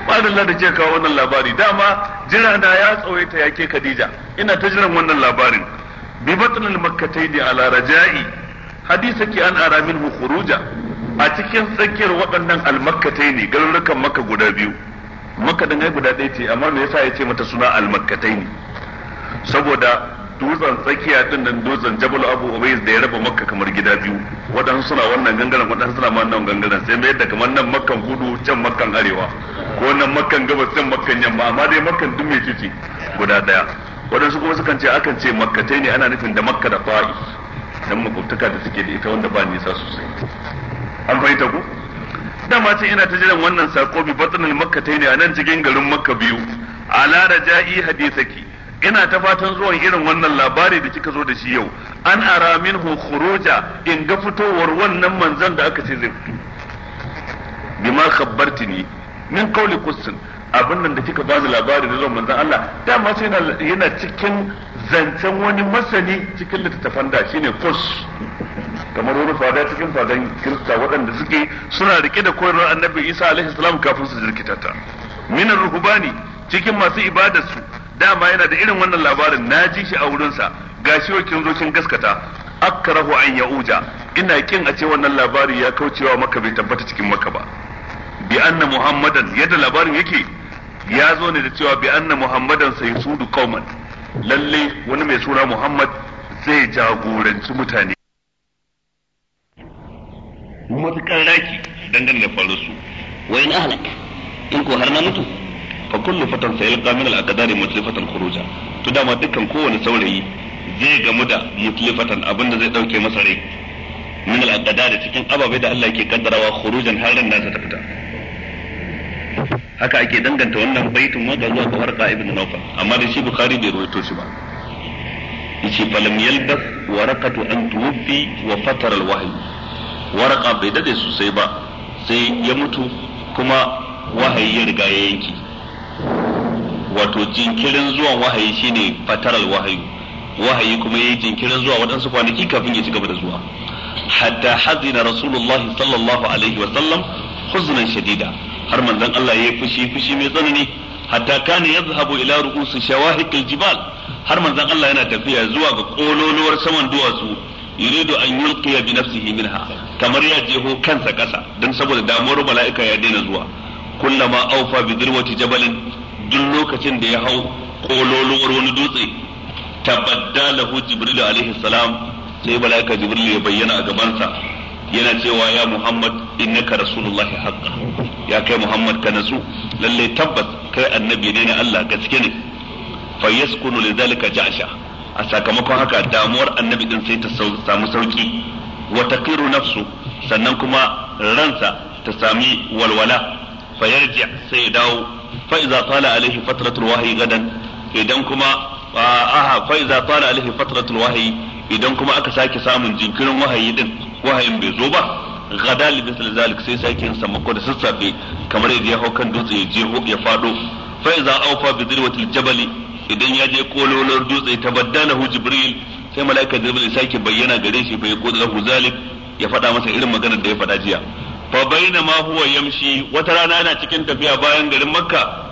Allah da ke kawo wannan labari dama jira na ya tsawaita yake Khadija ina ta jiran wannan labarin ببطن batnil على رجائي حديث hadisaki أن أرى منه خروجا a cikin tsakiyar waɗannan almakkataini garurukan makka guda biyu makka din guda ɗaya ce amma me yasa ya ce mata suna almakkataini saboda dutsen tsakiya din nan dutsen jabal abu ubayd da ya raba makka kamar gida biyu wadannan suna wannan gangaren waɗansu suna ma nan gangaren sai mai da kamar nan makkan kudu can arewa ko nan makkan gaba can yamma amma dai makkan duk mai guda ɗaya waɗansu kuma sukan ce akan ce makkatai ne ana nufin da makka da fa'i dan makwabtaka da suke da ita wanda ba nisa sosai an fahimta ku dama ce ina ta jiran wannan sako bi batnal makkatai ne a nan cikin garin makka biyu ala Ja'i hadisaki ina ta fatan zuwan irin wannan labari da kika zo da shi yau an ara minhu khuruja in ga fitowar wannan manzon da aka ce zai fito bima khabbartini min qawli qussin abin nan da kika bani labari da zuwan manzon Allah dama sai yana cikin zancen wani masani cikin littattafan da shine kos kamar wani fada cikin fadan kirista waɗanda suke suna rike da koyarwar annabi isa alaihi salam kafin su jirkita ta minar cikin masu ibadar su dama yana da irin wannan labarin na ji shi a wurin sa gashi wa kin zo kin gaskata akrahu an ya'uja ina kin a ce wannan labari ya kaucewa maka bai tabbata cikin maka ba bi anna muhammadan yadda labarin yake ya zo ne da cewa bi anna muhammadan sai sudu qauman lalle wani mai suna muhammad zai jagoranci mutane matukar raki dangane da su wai na halak in ko har na mutu fa kullu fatan sayalqa min al-aqdari mutlifatan khuruja to dama dukkan kowane saurayi zai gamu da mutlifatan abinda zai dauke masa rai min al-aqdari cikin ababai da Allah yake kaddarawa khurujan har ran nasa ta fita haka ake danganta wannan baitin wanda zuwa ga warqa ibn nawfal amma da shi bukhari bai rawaito shi ba yace falam yalbas warqatu an tuwfi wa fatara alwahyi warqa bai dade sosai ba sai ya mutu kuma wahayi ya riga ya yanki wato jinkirin zuwan wahayi shine fataral wahayi wahayi kuma yayi jinkirin zuwa waɗansu kwanaki kafin ya ci gaba da zuwa hatta hazina rasulullahi sallallahu alaihi wa sallam huznan shadida har manzon Allah ya yi fushi fushi mai tsanani hatta kana yazhabu ila ru'us shawahiq aljibal har manzon Allah yana tafiya zuwa ga kololuwar saman duwatsu yuridu an yulqiya bi nafsihi minha kamar ya jeho kansa kasa dan saboda damuwar mala'ika ya daina zuwa kullama awfa bi dirwati jabalin duk lokacin da ya hau kololuwar wani dutse tabaddalahu jibril alaihi salam sai mala'ika jibril ya bayyana a gabansa yana cewa ya Muhammad innaka rasulullahi haqqa ya kai Muhammad ka nasu lalle tabbas kai annabi ne na Allah gaske ne fa yaskunu lidhalika ja'sha a sakamakon haka damuwar annabi din sai ta samu sauki wa taqiru nafsu sannan kuma ransa ta sami walwala fa yarji sai ya dawo fa idza tala alaihi fatratul wahyi gadan idan kuma aha fa idza tala alaihi fatratul wahyi idan kuma aka sake samun jinkirin wahayi din wahayin bai zo ba gada li zalik sai sake yin sammako da sassafe kamar yadda ya hau kan dutse ya je ya fado fa iza awfa bi dirwatil jabali idan ya je kololon dutse ta hu jibril sai malaika jibril ya sake bayyana gare shi bai koda lahu zalik ya faɗa masa irin maganar da ya faɗa jiya fa baina ma huwa yamshi wata rana yana cikin tafiya bayan garin makka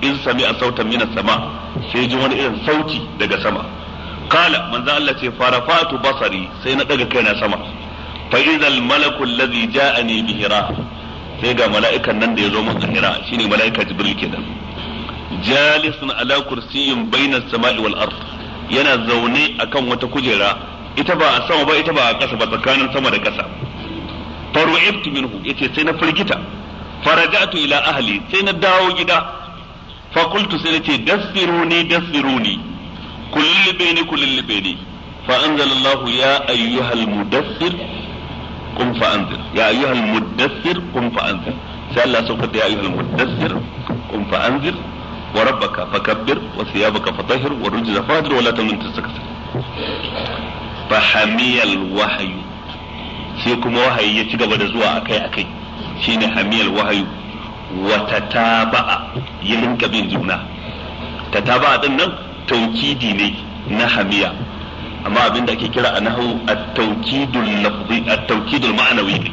in sami a sautan mina sama sai ji wani irin sauti daga sama kala manzo Allah ce farafatu basari sai na daga kaina sama fa idhal malaku alladhi ja'ani hira sai ga mala'ikan nan da ya zo masa hira shine mala'ika jibril kenan jalisun ala kursiyyin baina samai wal ard yana zaune a kan wata kujera ita ba a sama ba ita ba a ƙasa ba tsakanin sama da ƙasa faru'ibtu minhu yace sai na firgita faraja'tu ila ahli sai na dawo gida fa sai nace dassiruni dassiruni kullibeni kullibeni fa anzalallahu ya ayyuhal mudassir qum fa anzir ya ayyuhal muddathir qum fa anzir sai Allah sauka da ya ayyuhal muddathir qum fa anzir wa rabbaka fakabbir wa thiyabaka fatahhir wa rujza fahdir wa la tamnun tastakthir fa hamiyal wahyu sai kuma wahayi ya ci gaba da zuwa akai akai shine hamiyal wa bin juna tataba'a din nan taukidi ne na hamiya amma abin da ake kira a nahu at taukidul lafzi at taukidul ma'nawi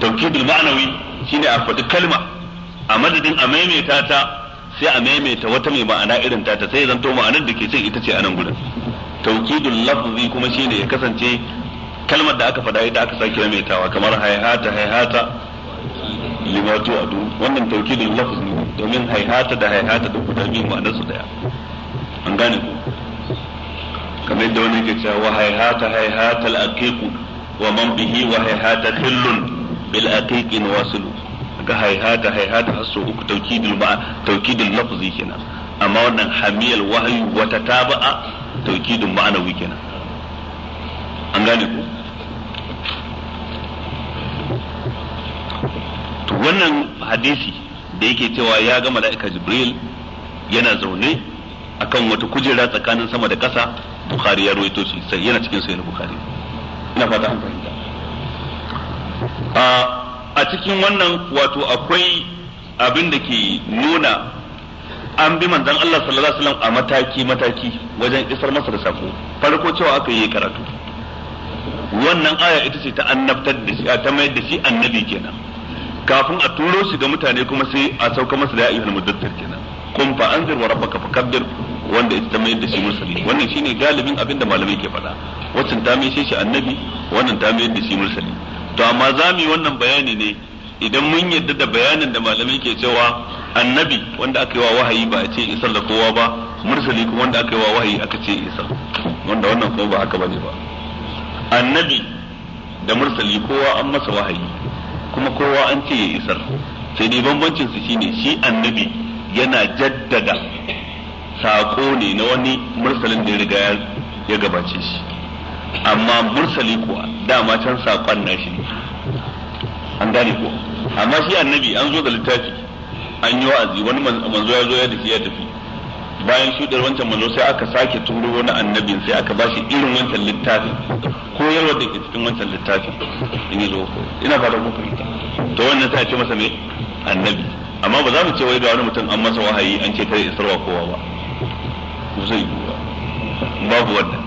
taukidul ma'nawi shine a faɗi kalma a madadin a maimaita ta sai a maimaita wata mai ma'ana irin ta sai zanto ma'anar da ke cin ita ce a nan gurin tawkidul lafzi kuma shine ya kasance kalmar da aka faɗa da aka sake maimaitawa kamar hayhata hayhata limatu adu wannan taukidul lafzi domin hayhata da hayhata duk guda biyu ma'anar su daya an gane ku kamar yadda wani ke cewa wa haihata haihata al-aqiqu wa man bihi wa hayhata hillun bil aqiqi nawasilu ga haihata haihata hasu uku taukidul ba taukidul lafzi kenan amma wannan hamiyal wahyu wa tataba'a tawkidul ma'anawi kenan an gane ku to wannan hadisi da yake cewa ya ga mala'ika jibril yana zaune akan wata kujera tsakanin sama da ƙasa bukhari ya ruwaito shi sai yana cikin sahih bukhari ina fata an fahimta a cikin wannan wato akwai abin da ke nuna an bi manzon Allah sallallahu alaihi wasallam a mataki mataki wajen isar masa da sako farko cewa aka yi karatu wannan aya ita ce ta annabtar da shi ta mayar da shi annabi kenan kafin a turo shi ga mutane kuma sai a sauka masa da ayyuhal mudaddar kenan kun fa anzir wa rabbaka fakabbir wanda ita ta da shi musulmi wannan shine galibin abin da malamai ke faɗa waccan ta mai shi annabi wannan ta mai da shi musulmi to amma za mu yi wannan bayani ne idan mun yadda da bayanin da malamai ke cewa annabi wanda aka yi wa wahayi ba a ce isar da kowa ba mursali kuma wanda aka yi wa wahayi aka ce isar wanda wannan kuma ba haka bane ba annabi da mursali kowa an masa wahayi kuma kowa an ce ya isar sai dai bambancin su shine shi annabi yana jaddada saƙo ne na wani mursalin da ya riga ya gabace shi amma mursali kuwa dama can saƙon na shi an gane kuwa amma shi annabi an zo da littafi an yi wa'azi wani manzo ya zo ya tafi ya tafi bayan shudar wancan manzo sai aka sake turo wani annabin sai aka ba shi irin wancan littafin koyarwar da ke cikin wancan littafin in yi zo ina ba da fahimta to wannan sai a ce masa ne annabi amma ba za mu ce wai ga wani mutum an masa wahayi an ce kare isarwa kowa ba zai yi ba babu wanda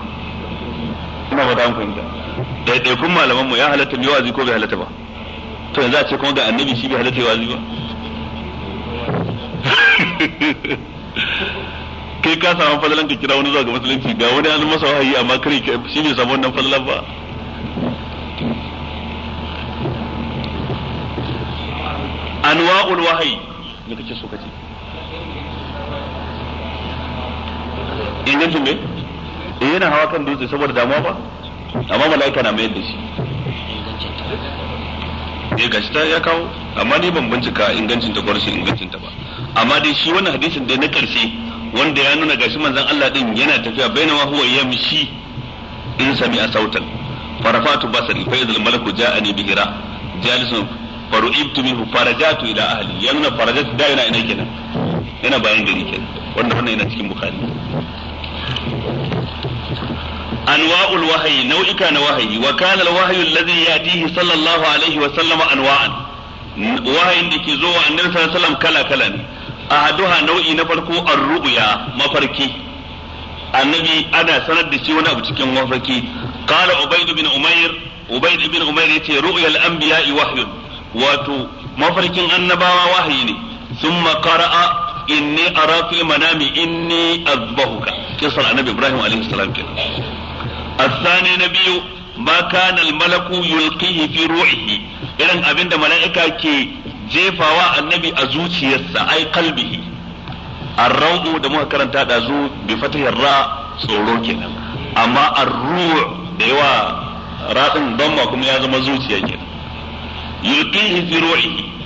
ina ba ta fahimta ɗaiɗaikun malaman mu ya halatta mai wazi ko bai halatta ba to yanzu a ce kuma ga annabi shi bai halatta wazi ba kai ka samu fadalan ka kira wani zuwa ga musulunci ga wani an masa wahayi amma kare shi bai samu wannan fadalan ba anwa'ul wahayi ne kake so kace ingancin me eh yana hawa kan dutse saboda damuwa ba amma mala'ika na mayar da shi ne. Eh, gashi ta ya kawo amma ni ban bincika ingancin ta kwarshe ingancin ta ba amma dai shi wannan hadisin da na karshe wanda ya nuna gashi manzon Allah din yana tafiya bainawa huwa yamshi in sami a sautan farafatu basari fa idal malaku ja'ani bi hira jalisun faru'ibtu minhu farajatu ila ahli ya nuna farajatu da yana ina kenan yana bayan gari kenan wanda wannan yana cikin bukhari anwa'ul wahayi nau'ika na wahayi wa kana al-wahyu alladhi yatihi sallallahu alaihi wa sallam anwa'an wahayin da ke zo wa annabi sallallahu alaihi wasallam kala kala ne ahaduha nau'i na farko ar-ru'ya mafarki ana sanar da shi wani abu cikin mafarki qala ubayd bin umayr ubayd bin umayr yace wato mafarkin annabawa wahayi ne sun qara'a inni ara fil manami inni azbahuka kisar annabi ibrahim alaihi salam asani nabiyu ma kana al malaku yulqihi fi ruhihi irin abinda mala'ika ke jefawa annabi a zuciyarsa ai kalbihi arrau'u da muka karanta da zu bi fatih ra tsoro kenan amma arru' da yawa ratsin damma kuma ya zama zuciya kenan yulqihi fi ruhihi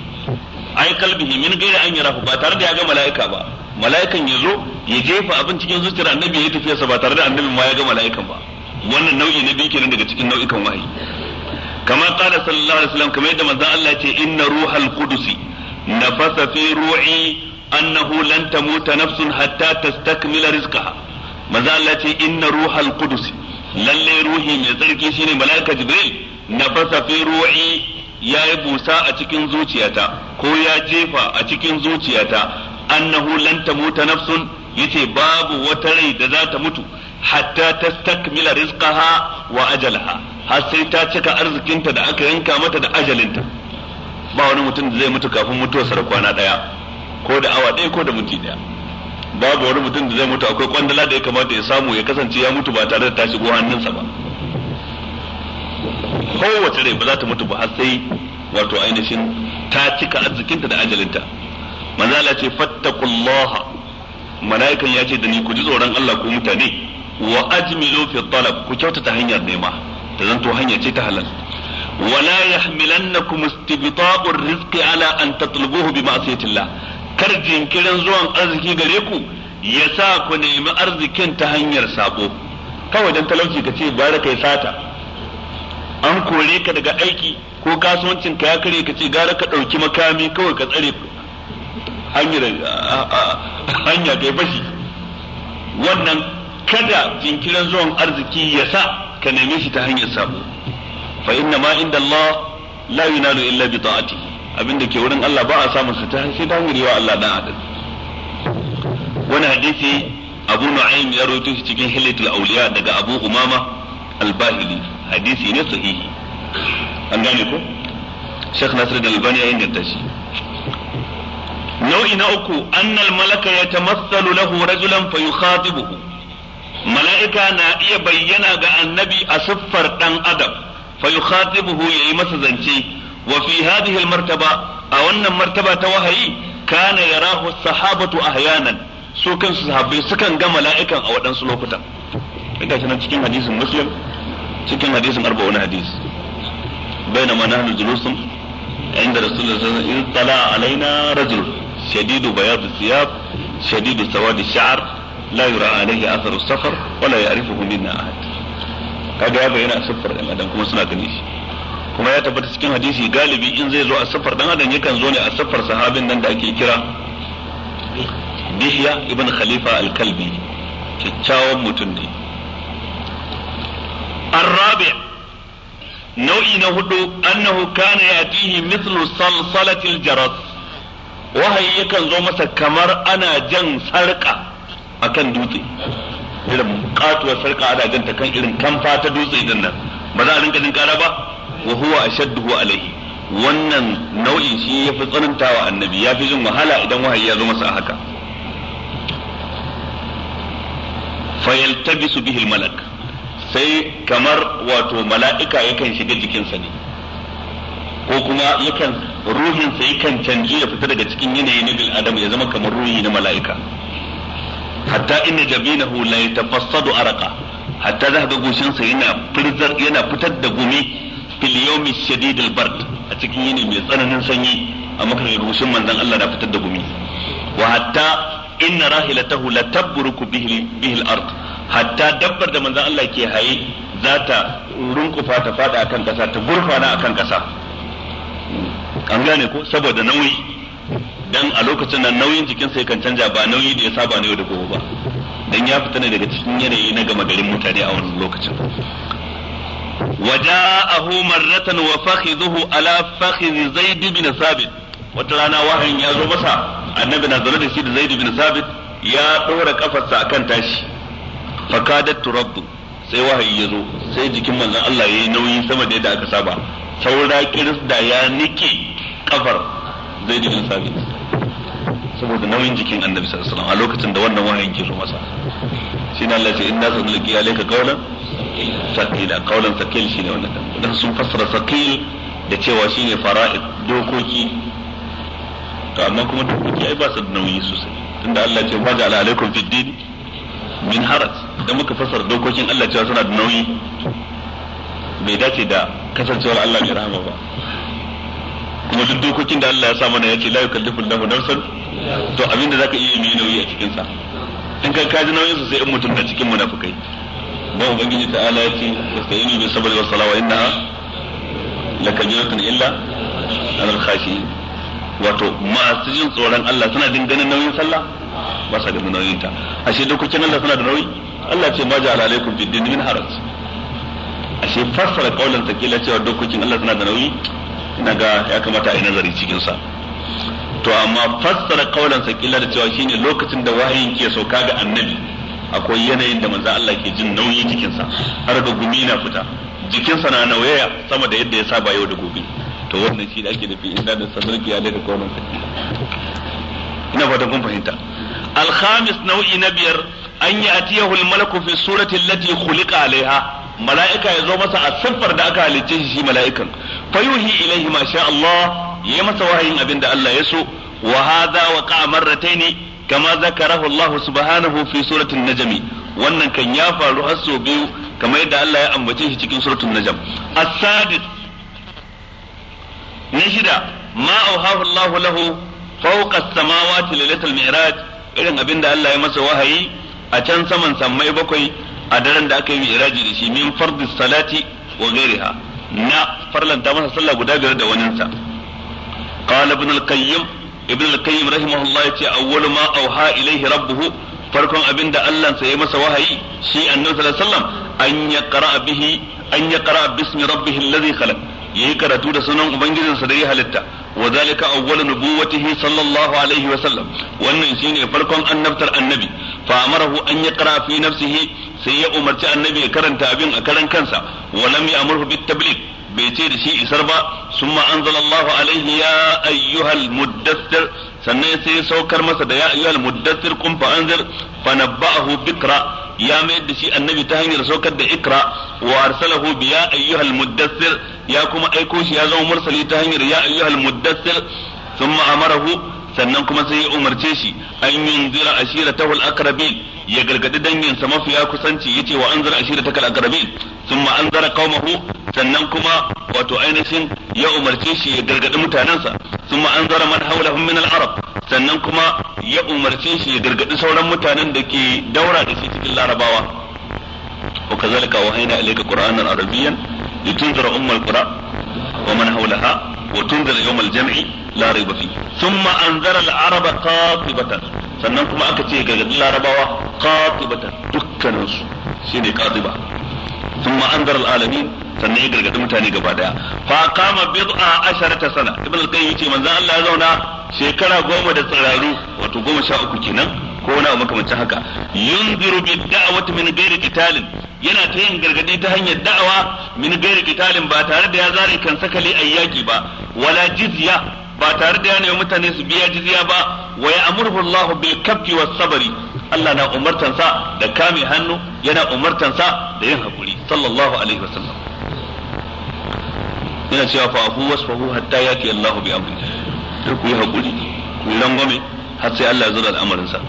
ai kalbihi min gairi an yarahu ba tare da ya ga mala'ika ba mala'ikan ya zo ya jefa abin cikin zuciyar annabi ya tafiya sa ba tare da annabi ma ya ga mala'ikan ba wannan nau'i na biyu kenan daga cikin nau'ikan wahayi kama qala sallallahu alaihi wasallam kamar yadda manzon Allah ya ce inna ruhal qudus nafasa fi ru'i annahu lan tamuta nafsun hatta tastakmila rizqaha manzon Allah ya ce inna ruhal qudus lalle ruhi mai tsarki shine mala'ika jibril nafasa fi ru'i ya yi busa a cikin zuciyata ko ya jefa a cikin zuciyata annahu lan tamuta nafsun yace babu wata rai da za ta mutu hatta tastakmila rizqaha wa ajalha har sai ta cika arzikinta da aka yanka mata da ajalinta ba wani mutum da zai mutu kafin mutuwarsa kwana daya ko da awa daya ko da minti daya babu wani mutum da zai mutu akwai kwandala da ya kamata ya samu ya kasance ya mutu ba tare da ta shigo hannunsa ba kowace rai ba za ta mutu ba har sai wato ainihin ta cika arzikinta da ajalinta manzo Allah ce fattaqullaha mala'ikan ya ce da ni ku ji tsoron Allah ku mutane wa ajmilu fi talab ku kyautata hanyar nema ta zanto hanya ce ta halal wala yahmilannakum istibta'ur rizqi ala an tatlubuhu bi ma'siyatillah kar jinkirin zuwan arziki gare ku ya sa ku nemi arzikin ta hanyar sabo kawai dan talauci ka ce bari kai sata an kore ka daga aiki ko kasuwancin ka ya kare ka ce gara ka ɗauki makami kawai ka tsare hanya kai bashi wannan kada jinkirin zuwan arziki ya sa ka neme shi ta hanyar sabo fa inna ma inda Allah la yunalu illa bi ta'ati abinda ke wurin Allah ba a samun sa ta sai ta hanyar yawa Allah dan adam wani hadisi Abu Nu'aym ya rawaito shi cikin Hilatul Awliya daga Abu Umama Al-Bahili hadisi ne sahihi an gane ko Sheikh Nasir da Albani ya inganta shi nau'i na uku annal malaka ya tamassalu lahu rajulan fa yukhatibuhu mala'ika na iya bayyana ga annabi a siffar dan adam fa yukhatibuhu yayi masa zance wa fi hadhihi a wannan martaba ta wahayi kana yarahu sahabatu ahyanan su kansu sahabbai sukan ga mala'ikan a waɗansu lokutan daga cikin hadisin muslim cikin hadisin arba'un hadis bainama nahnu julusun inda rasulullahi sallallahu alaihi wasallam tala alaina rajul shadidu bayad thiyab shadidu sawad ash-sha'r la yura alayhi athar as-safar wa la ya'rifuhu minna ahad kaga ya bayyana safar dan adam kuma suna gani shi kuma ya tabbata cikin hadisi galibi in zai zo a safar dan adam yakan zo ne a safar sahabin nan da ake kira Dihya ibn Khalifa al-Kalbi kyakkyawan mutum ne الرابع نوعي نهدو أنه كان يأتيه مثل صلصلة الجرس وهي يكن زو مسا كمر أنا جن سرقة أكن دوتي irin katuwar sarka ana janta kan irin kamfa ta dutse din nan ba za a rinka jin kara ba wa huwa ashadduhu alaihi wannan nau'i shi ya fi tsanantawa annabi ya fi jin wahala idan wahayi ya zo masa a haka fayaltabisu bihi malak sai kamar wato mala'ika yakan shiga jikinsa ne ko kuma yakan ruhinsa yakan canji ya fita daga cikin yanayi na bil adam ya zama kamar ruhi na mala'ika hatta ina jabinahu la yatafassadu araqa hatta za ga goshinsa yana firzar yana fitar da gumi fil yawmi shadid al bard a cikin yini mai tsananin sanyi a makarin goshin manzon Allah na fitar da gumi wa hatta inna rahilatahu la tabruku bihi bihi al ard hatta dabbar da manzan Allah ke haye za ta runkufa ta fada akan kasa ta gurfana akan kasa an gane ko saboda nauyi dan a lokacin nan nauyin jikinsa sai kan canja ba nauyi da ya saba ne da gobe ba dan ya fita ne daga cikin yanayi na gama garin mutane a wannan lokacin وجاءه مرة وفخذه على فخذ زيد bin sabit wata rana wahayin ya zo masa annabi na zaune da shi da zaidu bin sabit ya ɗora kafarsa akan tashi fakadat turaddu sai wahayi ya zo sai jikin manzon Allah ya yi nauyi sama da yadda aka saba saura kiris da ya nike kafar zai bin sabi saboda nauyin jikin annabi sallallahu alaihi wasallam a lokacin da wannan wahayin ke zo masa shi ne Allah ya ce inna sanulqi alayka qawlan saqila qawlan saqil shi ne wannan dan sun fassara saqil da cewa shine fara'id dokoki to amma kuma dokoki ai ba su da nauyi sosai tunda Allah ya ce waja'ala alaikum fid din min haraj idan muka fassara dokokin Allah cewa suna da nauyi bai dace da kasancewar Allah mai rahama ba kuma duk dokokin da Allah ya sa mana ya ce la yukallifu Allahu nafsan to abinda zaka iya mai nauyi a cikin sa in ka kaji nauyin su sai in mutum da cikin munafikai ba ubangiji ta'ala ya ce wasta'inu bi sabri wa salawa innaha lakabiratun illa alal khashiyin wato masu jin tsoron Allah suna jin nauyin sallah ba sa ganin nauyin ta ashe dokokin Allah suna da nauyi Allah ce ma ja'ala alaikum fid din min haraj ashe fassara kaulan ta kila cewa dokokin Allah suna da nauyi ina ga ya kamata a nazari cikin sa to amma fassara kaulan sa kila da cewa shine lokacin da wahayin ke sauka ga annabi akwai yanayin da manzo Allah ke jin nauyi cikin sa har ga gumi na fita jikin sa na nauyaya sama da yadda ya saba yau da gobe to wannan shi da ake nufi inda da sadarki ya da kaulan sa ina fata kun fahimta alkhamis nau'i na biyar an yi atiyahu almalaku fi surati allati khuliqa alaiha mala'ika ya zo masa a siffar da aka halicce shi shi mala'ikan fayuhi ilaihi ma sha Allah yayi masa wahayin abinda Allah ya so wa hadha waqa marrataini kama zakarahu Allah subhanahu fi surati an-najmi wannan kan ya faru har sau biyu kamar yadda Allah ya ambace shi cikin suratun najam. as-sadis na shida ma auhahu Allah lahu fawqa as-samawati lailatul mi'raj irin abin da Allah ya masa wahayi a can saman sammai bakwai a daren da aka yi mi'raji da shi min fardi salati wa ghairiha na farlanta masa sallah guda biyar da waninsa qala ibn al-qayyim ibn al-qayyim rahimahullah yace awwalu ma auha ilaihi rabbuhu farkon abin da Allah sa ya masa wahayi shi annabi sallallahu alaihi wasallam an bihi an yaqra bismi rabbih alladhi khalaq yayi karatu da sunan ubangijinsa da ya halitta wa zalika awwalu nubuwwatihi sallallahu alaihi wa sallam wannan shine farkon annabtar annabi fa amarahu an yaqra fi sai ya umarci annabi ya karanta abin a karan kansa wa lam ya'murhu bit bai ce da shi isar ba sun anzalallahu alaihi ya ayyuhal muddassir sannan sai ya saukar masa da ya ayyuhal muddassir kun fa anzir fa bikra ya mayar da shi annabi ta hanyar saukar da ikra wa arsalahu bi ya ayyuhal muddassir ya kuma aiko shi ya zama mursali ta hanyar ya ayyuhal muddassir thumma amarahu sannan kuma sai ya umarce shi an a yunzira ta al-aqrabin ya gargadi danginsa mafiya kusanci ce wa anzira ashiratakal aqrabin thumma anzara qaumahu sannan kuma wato ainihin ya umarce shi ya gargadi mutanansa thumma anzara man hawlahum min al-arab sannan kuma ya umarce shi ya gargadi sauran mutanen da ke daura da shi cikin larabawa wa kazalika wa hayna ilayka qur'anan arabiyyan litunzira ummul qura ومن حولها وتنذر يوم الجمع لا ريب فيه ثم أنذر العرب قاطبة sannan kuma aka ce ga larabawa qatibatan dukkaninsu shine qatiba thumma anzar alalamin sannan ya gargadi mutane gaba daya fa qama bid'a ta sana ibn al-qayyim yace manzon Allah ya zauna shekara goma da tsiraru wato goma sha uku kenan ko wani abu makamancin haka yunziru bid da'wati min ghairi qitalin yana ta yin gargadi ta hanyar da'awa min gairi kitalin ba tare da ya zare kan sakali a yaki ba wala jizya ba tare da ya nemi mutane su biya jizya ba wa ya amurhu Allah bil kaffi was sabri Allah na umartansa da kame hannu yana umartansa da yin hakuri sallallahu alaihi wasallam yana cewa fa afu wasfahu hatta yati Allah bi amri ku yi hakuri ku rangwame har sai Allah ya zo da al'amarin sa,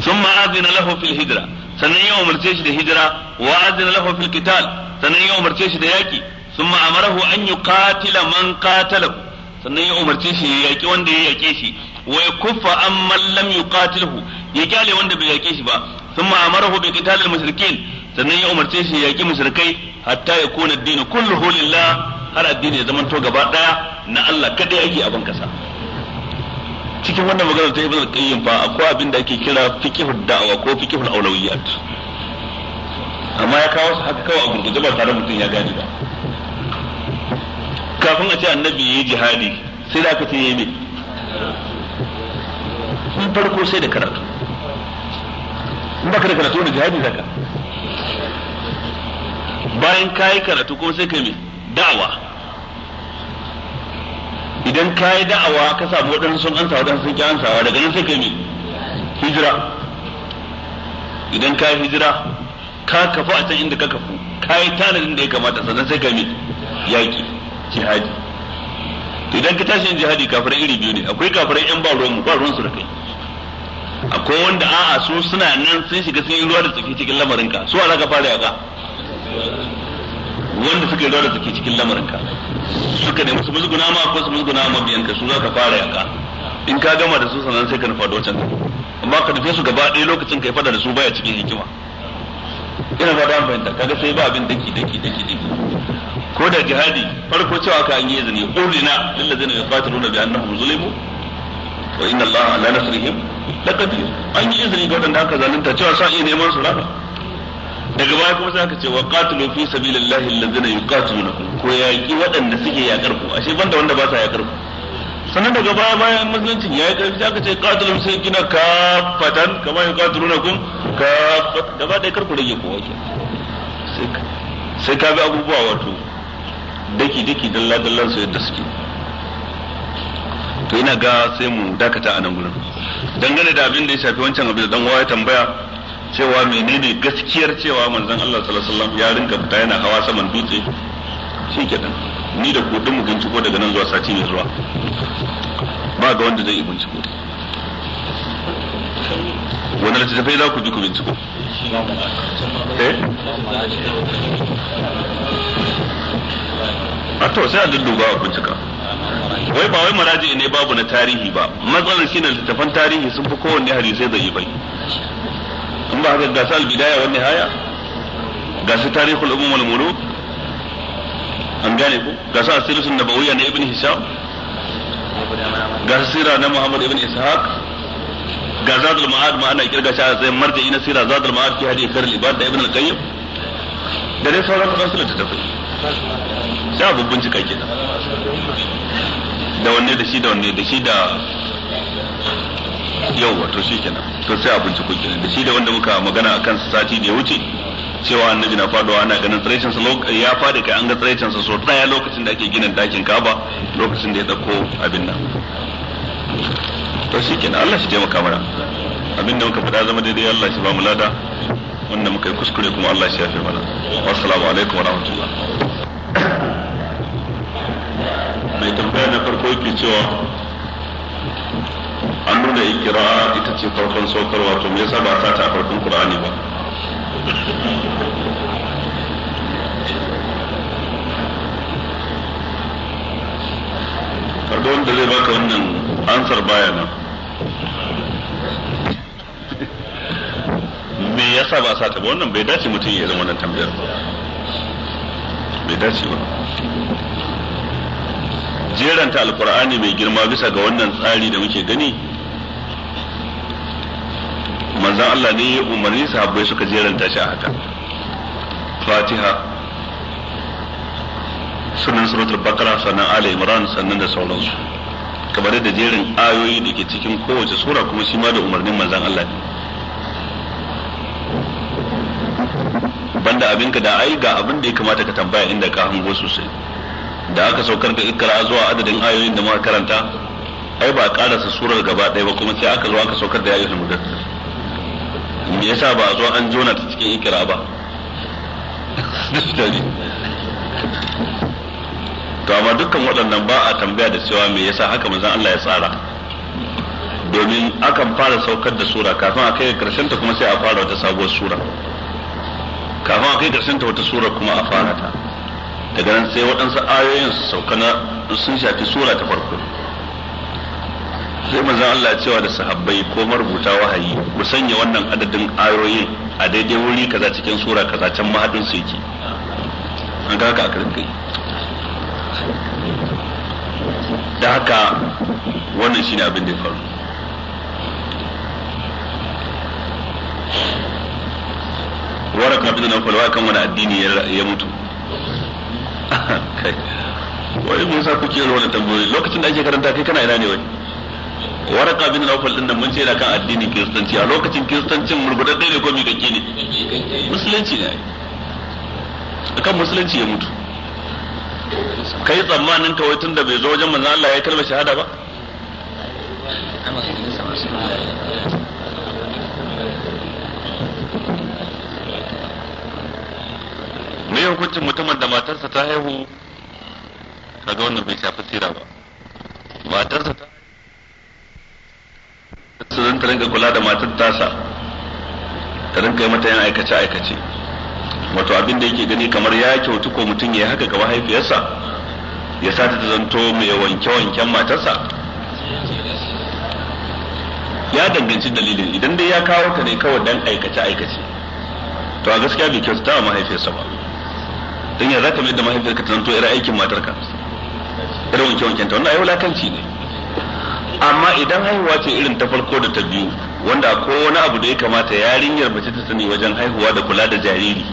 summa azina lahu fil hijra sannan ya umarce shi da hijira wa azina lahu fil qital sannan ya umarce shi da yaki thumma amarahu an yuqatila man qatalahu sannan ya umarce shi ya yaki wanda ya yake shi wa yakuffa amman lam yuqatilhu ya kyale wanda bai yake shi ba thumma amarahu bi qital al mushrikin sannan ya umarce shi ya yaki mushrikai hatta yakuna ad-din kulluhu lillah har addini ya zamanto gaba daya na Allah kadai ake abin kasa cikin wannan magana ta ibn al-qayyim fa akwai abin da ake kira ad da'wa ko al awlawiyat amma ya kawo su haka kawai a gurguje ba tare mutum ya gane ba kafin a ce annabi yi jihadi sai da aka ce yi mai farko sai da karatu in baka da karatu ne jihadi zaka bayan kai karatu kuma sai kai mai dawa. idan ka yi da'awa ka samu waɗansu sun ansa waɗansu sun ki ansawa daga nan sai ka yi hijira idan ka yi hijira ka kafu a can inda ka kafu ka yi tanadin da ya kamata sannan sai ka yi yaƙi jihadi idan ka tashi yin jihadi kafirai iri biyu ne akwai kafirai yan ba ruwan mu ba ruwan su da kai akwai wanda a'a su suna nan sun shiga sun yi ruwa da tsaki cikin lamarinka su ala ka fara yaƙa wanda suka yi da suke cikin lamarinka suka nemi su musguna ma ko su musguna ma ka su za ka fara yaka in ka gama da su sanan sai ka nufa da wancan amma ka nufe su gaba ɗaya lokacin ka yi fada da su baya cikin hikima ina ba dan fahimta kaga sai ba abin daki daki daki daki ko da jihadi farko cewa ka an yi izini urina lillazina yuqatiluna bi annahum zulimu wa inna allaha ala nasrihim laqadir an yi izini ga wanda aka zalunta cewa sa iya neman su rana daga baya kuma sai aka ce wa qatilu fi sabilillahi allazina yuqatilunakum ko yaki waɗanda suke yakar ku ashe banda wanda ba sa yakar ku sannan daga baya bayan musulunci ya yi sai aka ce qatilu sai kina kafatan kamar yuqatilunakum kafat gaba da karku rage ku ke sai ka bi abubuwa wato daki daki dalla dallan su yadda suke to ina ga sai mu dakata a nan gurin dangane da abin da ya shafi wancan abin da dan waya tambaya cewa menene gaskiyar cewa manzon Allah sallallahu alaihi wasallam ya rinka fita yana hawa saman dutse shi ke kenan ni da kudin mu binciko daga nan zuwa sati ne zuwa ba ga wanda zai yi binciko wani littattafai za ku ji ku binciko eh? a to sai a dudduba a bincika wai ba wai maraji ne babu na tarihi ba matsalar shi ne littattafan tarihi sun fi kowanne sai zai yi bai kun ba haka ga su albidaya wa nihaya ga su tarihul umum al muluk an gane ku ga su asirusun nabawiyya na ibn hisham ga su sira na muhammad ibn ishaq ga zadul ma'ad ma ana kirga shi a tsayin marja'i na sira zadul ma'ad ki hadi kar libad da ibn al-qayyim da dai sauran su da tafi sai abu bincika kenan da wanne da shi da wanne da shi da yau to shi kenan to sai a ku kenan da shi da wanda muka magana akan sati da ya wuce cewa annabi na faduwa ana ganin tsiraicin sa ya fada kai an ga tsiraicin sa so daya lokacin da ake ginin dakin Ka'aba lokacin da ya dauko abin nan to shi kenan Allah shi taimaka mana abin da muka fada zama daidai Allah shi ba mu lada wanda muka yi kuskure kuma Allah shi ya fi mana assalamu alaikum wa rahmatullah mai tambaya na farko yake cewa an nuna ikira ita ce farkon saukarwa to me yasa ba ta ta farkon qur'ani ba karga wanda zai baka wannan ansar baya nan me yasa ba sa ta ba wannan bai dace mutum ya zama wannan tambayar ba bai dace ba jeranta alkur'ani mai girma bisa ga wannan tsari da muke gani manzan Allah ne ya umarni sahabbai suka jeranta shi a haka fatiha sunan suratul bakara sannan ali imran sannan da sauransu kamar da jerin ayoyi da ke cikin kowace sura kuma shi ma da umarnin manzan Allah ne banda abinka da ai ga abin da ya kamata ka tambaya inda ka hango sosai da aka saukar da ikra zuwa adadin ayoyin da muka karanta ai ba karasa surar gaba ɗaya ba kuma sai aka zo aka saukar da ayoyin da me yasa ba zo an jona ta cikin ikra ba to amma dukkan waɗannan ba a tambaya da cewa me yasa haka manzon Allah ya tsara domin akan fara saukar da sura kafin a kai karshen ta kuma sai a fara wata sabuwar sura kafin a kai karshen ta wata sura kuma a fara ta daga nan sai waɗansu ayoyin su sauka na sun shafi sura ta farko sai manzan Allah cewa da sahabbai ko marubuta wahayi ku sanya wannan adadin ayoyin a daidai wuri kaza cikin sura kaza can mahadin su yake an ga haka a kai da haka wannan shine abin da ya faru warak abin da na kwalwa kan wani addini ya mutu wai mun sa kuke yin wannan tambayoyi lokacin da ake karanta kai kana ina ne wai waraka bin naufal din nan mun ce da kan addinin kiristanci a lokacin kiristancin murgudadde ne ko miƙaƙƙe ne musulunci ne akan musulunci ya mutu kai tsammanin ka wai da bai zo wajen manzon Allah ya kalma shahada ba me hukuncin mutumin da matarsa ta haihu kaga wannan bai shafi sira ba matarsa ta su zan ta rinka kula da matar tasa ta rinka yi mata yin aikace aikace wato abin da yake gani kamar ya kyautu ko mutum ya haka ga mahaifiyarsa ya sata ta zanto mai wanke wanken matarsa ya danganci dalilin idan dai ya kawo ta ne kawai dan aikace aikace to a gaskiya bai kyautu ta mahaifiyarsa ba don ya ka mai da mahaifiyar ta zanto irin aikin matarka irin wanke wanken ta wannan ai wulakanci ne amma idan haihuwa ce irin ta farko da ta biyu wanda ko wani abu da ya kamata yarinyar mace ta sani wajen haihuwa da kula da jariri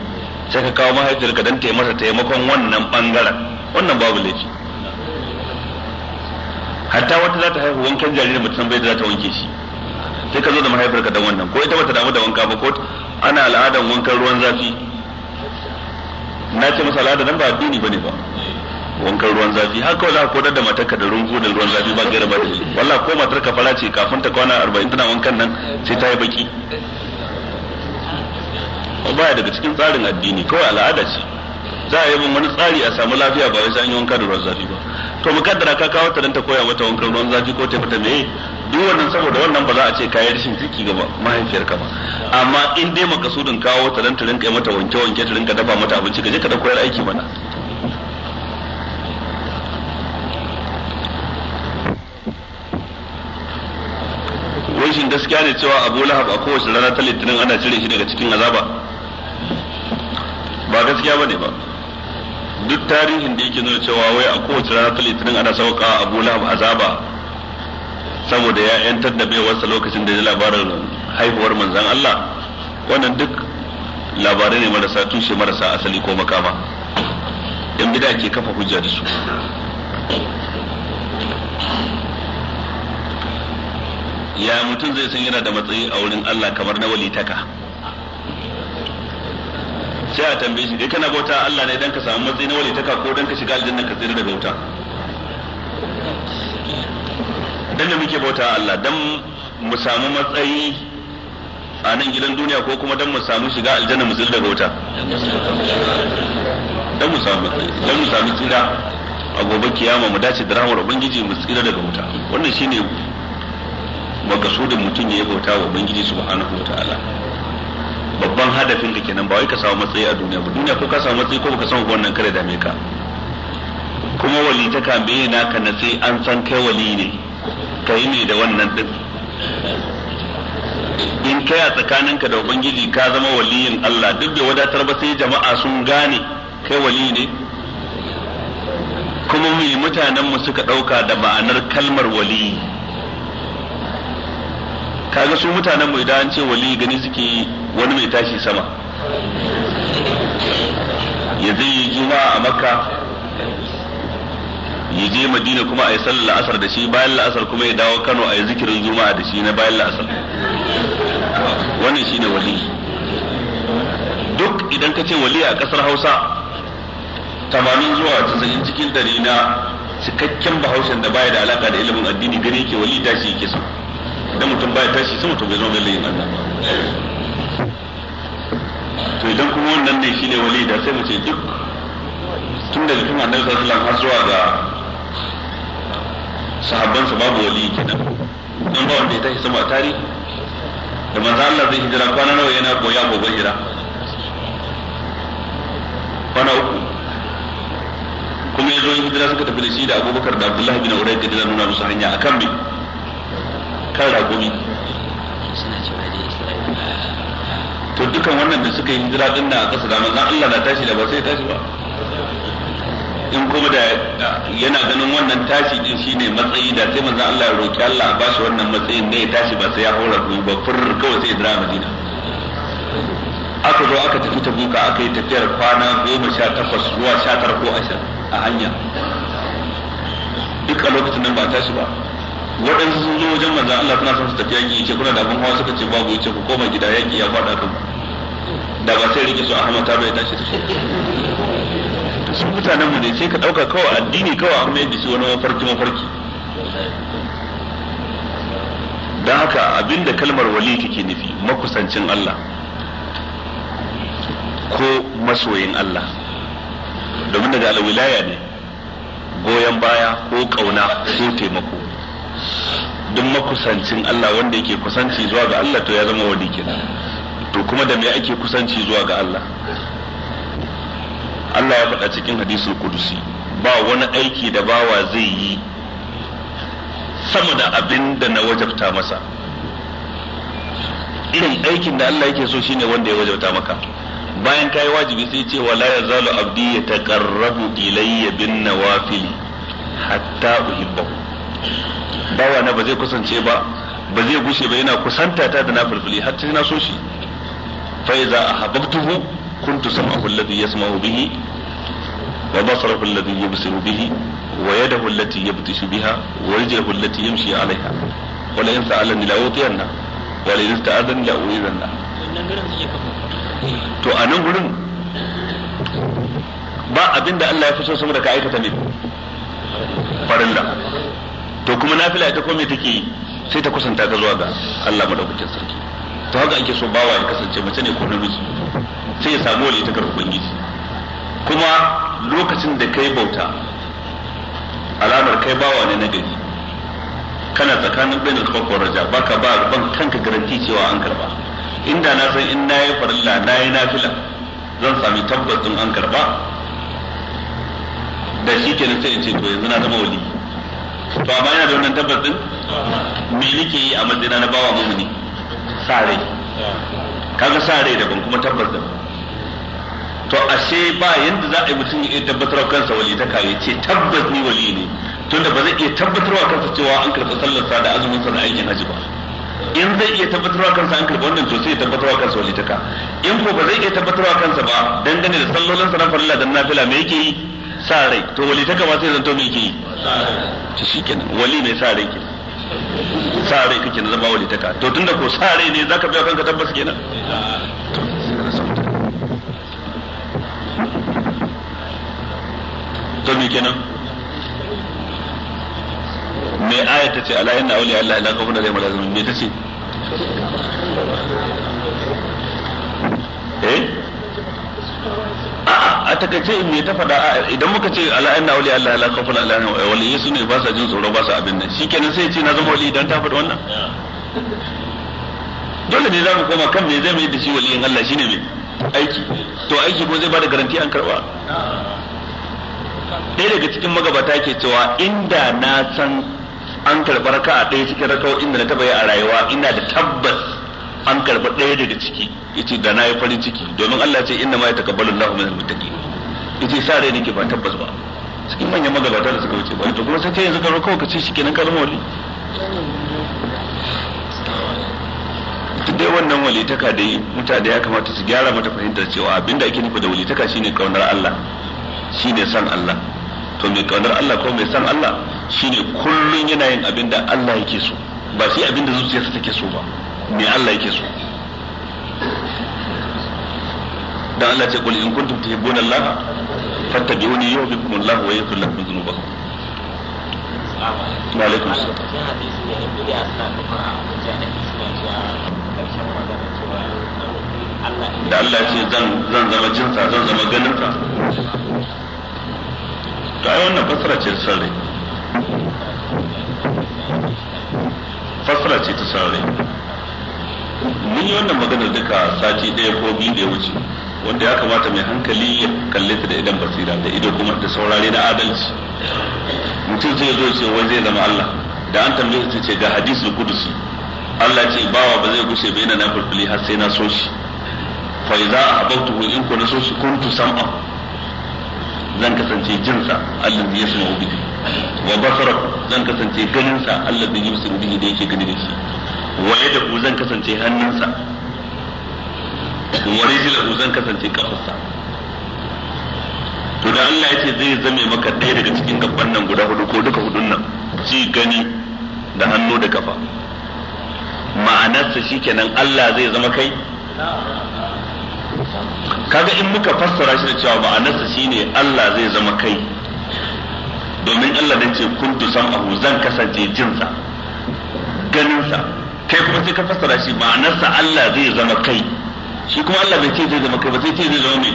sai ka kawo mahaifiyarka don ta yi masa taimakon wannan bangaren wannan babu laifi hatta wata za ta haihu wankan jaririn ba ta san bai da za ta wanke shi sai ka zo da ka dan wannan ko ita bata damu da wanka ba ko ana al'adan wankan ruwan zafi na ce masa al'ada nan ba addini bane ba wankan ruwan zafi haka wala ko da matarka da rungu da ruwan zafi ba gaira ba wallahi ko matar ka fara ce kafin ta kwana arba'in tana wankan nan sai ta yi baki baya daga cikin tsarin addini kawai al'ada ce za a yi min wani tsari a samu lafiya ba wai sai an yi wanka da ruwan zafi ba to mu kaddara ka kawo ta dan ta koya mata wankan ruwan zafi ko ta fita meye duk wannan saboda wannan ba za a ce kayi rashin ciki ga mahaifiyarka ba amma in dai makasudin kawo ta dan ta rinka mata wanke wanke ta rinka dafa mata abinci ka je ka da koyar aiki mana wai gaskiya ne cewa Abu Lahab a kowace rana ta Litinin ana cire shi daga cikin azaba ba gaskiya ba ne ba duk tarihin da yake nuna cewa wai a kowace rana ta litinin ana sauka a Abu a azaba saboda ya yantar da baiwarsa lokacin da ya labarin haihuwar manzan Allah wannan duk labarai ne marasa tushe marasa asali ko makama yan bida ke kafa hujja da su ya mutum zai san yana da matsayi a wurin Allah kamar na walitaka sai a tambaye shi dai kana bauta Allah ne dan ka samu matsayi na ka ko dan ka shiga aljanna ka tsira daga wuta dan da muke bauta Allah dan mu samu matsayi a nan gidan duniya ko kuma dan mu samu shiga aljanna mu tsira daga wuta dan mu samu dan mu samu tsira a gobe kiyama mu dace da rahmar ubangiji mu tsira daga wuta wannan shine magasudin mutum ya yi bauta wa ubangiji subhanahu wataala babban hadafin ka kenan ba wai ka samu matsayi a duniya ba duniya ko ka samu matsayi ko baka samu wannan kare dame ka kuma wali ta kambe ka na sai an san kai wali ne kai ne da wannan din in kai a tsakaninka da ubangiji ka zama waliyin Allah duk da wadatar ba sai jama'a sun gane kai wali ne kuma mai mutanen mu suka dauka da ma'anar kalmar wali kaga su mutanen mu idan an ce wali gani suke wani mai tashi sama ya zai yi juma'a a makka ya je madina kuma a yi sallar la'asar da shi bayan la'asar kuma ya dawo kano a yi zikirin juma'a da shi na bayan la'asar wannan shi ne wali duk idan ka ce wali a kasar hausa tamanin zuwa cikin cikin dari na cikakken bahaushen da baya da alaka da ilimin addini gani ke wali tashi yake so idan mutum baya tashi sai mutum bai zo mai layin Allah to idan kuma wannan ne shine wali da sai mu ce duk tun da jikin annabi sallallahu alaihi har zuwa ga sahabban su babu wali kenan dan ba wanda ya tashi sama tarihi da manzo Allah zai hijira kwana nawa yana boya gobe hijira kwana uku kuma ya zo yin hijira suka tafi da shi da abubakar da abdullahi bin urai da zai nuna musu hanya a kan bi kan ragumi to dukan wannan da suka yi hijira din na a ƙasa da manzon Allah na tashi da ba sai tashi ba in kuma da yana ganin wannan tashi din shine matsayi da sai manzon Allah ya roki Allah ba shi wannan matsayin ne ya tashi ba sai ya hora ba fur kawai sai hijira Madina aka zo aka tafi ta buka aka yi tafiyar kwana goma sha takwas zuwa sha ko ashirin a hanya duk a lokacin nan ba tashi ba waɗansu sun zo wajen manzan Allah suna son su tafi yaƙi ce kuna da abin hawa suka ce babu ya ce ku koma gida yaƙi ya faɗa kan da ba sai rike su a ta bai tashi da shi su mutanen mu ne sai ka dauka kawai addini kawai amma yadda da shi wani mafarki mafarki don haka abinda kalmar wali kake nufi makusancin Allah ko masoyin Allah domin daga alwilaya ne goyon baya ko kauna ko taimako duk makusancin Allah wanda yake kusanci zuwa ga Allah to ya zama wali kenan to kuma da me ake kusanci zuwa ga Allah Allah ya faɗa cikin hadisul kudusi ba wani aiki da bawa zai yi sama da abin da na wajabta masa irin aikin da Allah yake so shine wanda ya wajabta maka bayan kai wajibi sai ce wala ya zalu abdi taqarrabu ilayya bin nawafil hatta uhibbahu bawa na ba zai kusance ba ba zai gushe ba yana kusanta ta da nafilfili har sai na so shi فإذا أحببته كنت سمعه الذي يسمع به وبصره الذي يبصر به ويده التي بها ورجله التي يمشي عليها to a nan gurin ba Allah ya fi so sama ka aikata farilla to kuma nafila ita ko take sai ta kusanta zuwa ga Allah madaukakin sarki to haka ake so bawa ya kasance mace ne ko namiji sai ya samu wali takar ubangiji kuma lokacin da kai bauta alamar kai bawa ne na gari kana tsakanin bain al-khawf raja baka ba ban kanka garanti cewa an karba inda na san in nayi farilla nayi nafila zan sami tabbas din an karba da shi kenan sai in ce to yanzu na zama wali to amma yana da wannan tabbas din me nake yi a madina na bawa mumuni sa rai kaga sa rai daban kuma tabbas daban to ashe ba yanda za a yi mutum ya tabbatar kansa wali ta kai ce tabbas ni wali ne tunda ba zai iya tabbatar wa kansa cewa an karɓi sa da azumin sa da aikin haji ba in zai iya tabbatar wa kansa an karɓi wannan to sai ya tabbatar wa kansa wali ta ka, in ko ba zai iya tabbatar wa kansa ba dangane da sa na farilla da nafila me yake yi sa rai to wali ta ka ba sai zanto me yake yi to shikenan wali mai sa rai kenan sa rai kake na zama taka to tunda ko sa rai ne zaka biya kanka tabbas kenan to me kenan me aya tace ala inna awliya Allah la khawfun alaihim wala hum me tace eh a'a a takaice me ta faɗa idan muka ce ala inna wali Allah la khawfun alaihim wa eh, wali su ne ba sa jin tsoro ba sa abin nan shikenan sai ce na zama wali idan ta faɗa wannan dole ne za mu koma kan me zai mai da shi waliyin Allah shine me aiki to aiki ko zai bada garanti an karba ɗaya daga cikin magabata ke cewa inda na san an ka a ɗaya cikin raka'o'in da na taɓa yi a rayuwa ina da tabbas an karba ɗaya daga ciki yace da nayi farin ciki domin Allah ya ce inna ma yataqabbalu Allahu minal muttaqin yace sa rai nake ba tabbas ba cikin manyan magabata da suka wuce ba to kuma sai kai yanzu ka zo kawai ka ce shikenan kalmar wali dai wannan walitaka dai mutane ya kamata su gyara mata fahimtar cewa abinda ake nufi da walitaka shine kaunar Allah shine san Allah to mai kaunar Allah ko mai san Allah shine kullun yana yin abinda Allah yake so ba sai abinda zuciyarsa take so ba me Allah yake so dan Allah ce kul in kuntum tuhibbuna Allah fattabi'uni yuhibbukum Allah wa yaghfir lakum dhunubakum wa alaikum assalam da Allah ce zan zan zama jinsa zan zama ganinka to ai wannan fasara ce sarri fasara ce ta sarri mun yi wannan maganar duka sati ɗaya ko biyu da ya wuce wanda ya kamata mai hankali ya kalli ta da idan basira da ido kuma da saurare na adalci mutum zai zo ce wai zai zama Allah da an tambaye su ce ga hadisul kudusi Allah ce bawa ba zai gushe ba yana na fulfuli har sai na so shi fa iza ahbabtuhu in ku na so shi kuntu sam'a zan kasance jinsa ya sanu bidi wa basara zan kasance ganin sa Allah da yusuf bihi da yake gani da shi wa yadahu zan kasance hannunsa wa rijlahu zan kasance kafarsa to da Allah yace zai zame maka ɗaya daga cikin gaban nan guda hudu ko duka hudun nan ji gani da hannu da kafa ma'anarsa shikenan Allah zai zama kai kaga in muka fassara shi da cewa ma'anarsa shine Allah zai zama kai domin Allah dan ce tu san abu zan kasance jinsa ganinsa kai kuma sai ka fassara shi ma'anarsa Allah zai zama kai shi kuma Allah bai ce zai zama kai ba sai ce zai zama mai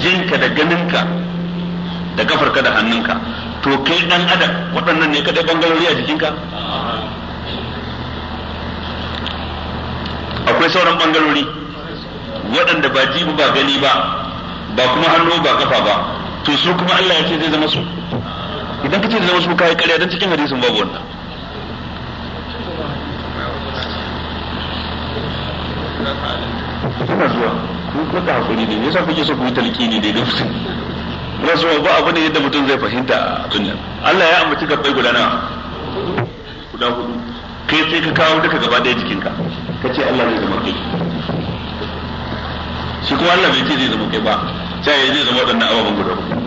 jinka da ganinka da kafarka da hannunka to kai dan adam waɗannan ne kaɗai bangarori a jikinka akwai sauran bangarori waɗanda ba jibi ba gani ba ba kuma hannu ba kafa ba to su kuma Allah ya ce zai zama su idan kace da wasu kai kariya dan cikin hadisin babu wannan suna zuwa ku kuka hakuri ne yasa kuke so ku yi talqini dai da mutum rasuwa ba abu ne yadda mutum zai fahimta a abin Allah ya ambaci gabbai guda nawa guda hudu kai sai ka kawo duka gaba daya jikinka ka ce Allah zai zama kai shi kuma Allah bai ce zai zama kai ba sai ya zai zama waɗannan ababen guda hudu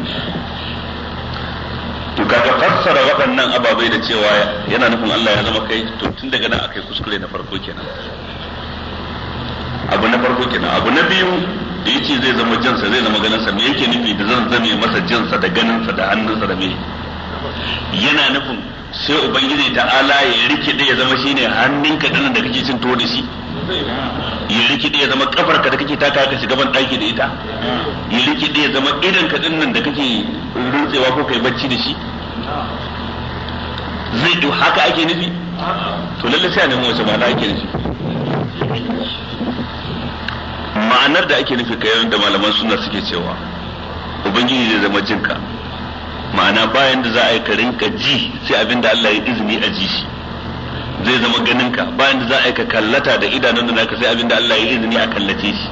to kaga fassara waɗannan ababai da cewa yana nufin Allah ya zama kai to tun daga nan akai kuskure na farko kenan abu na farko kenan abu na biyu da yace zai zama jinsa zai zama ganin sa me yake nufi da zan zame masa jinsa da ganin sa da hannunsa da me yana nufin sai ubangiji ta'ala ya da ya zama shine hannunka dinnan da kake cin tuwo da shi ya da ya zama kafar ka da kake taka ka shiga ban daki da ita ya da ya zama idan ka dinnan da kake rutsewa ko kai bacci da shi zai to haka ake nufi to lalle sai a nemi wace ma'ana ake nufi ma'anar da ake nufi kayan da malaman suna suke cewa ubangiji zai zama jinka ma'ana bayan da za a yi ka rinka ji sai abin da Allah ya izini a ji shi zai zama ganinka bayan da za a yi ka kallata da idanun da naka sai abin da Allah ya izini a kallace shi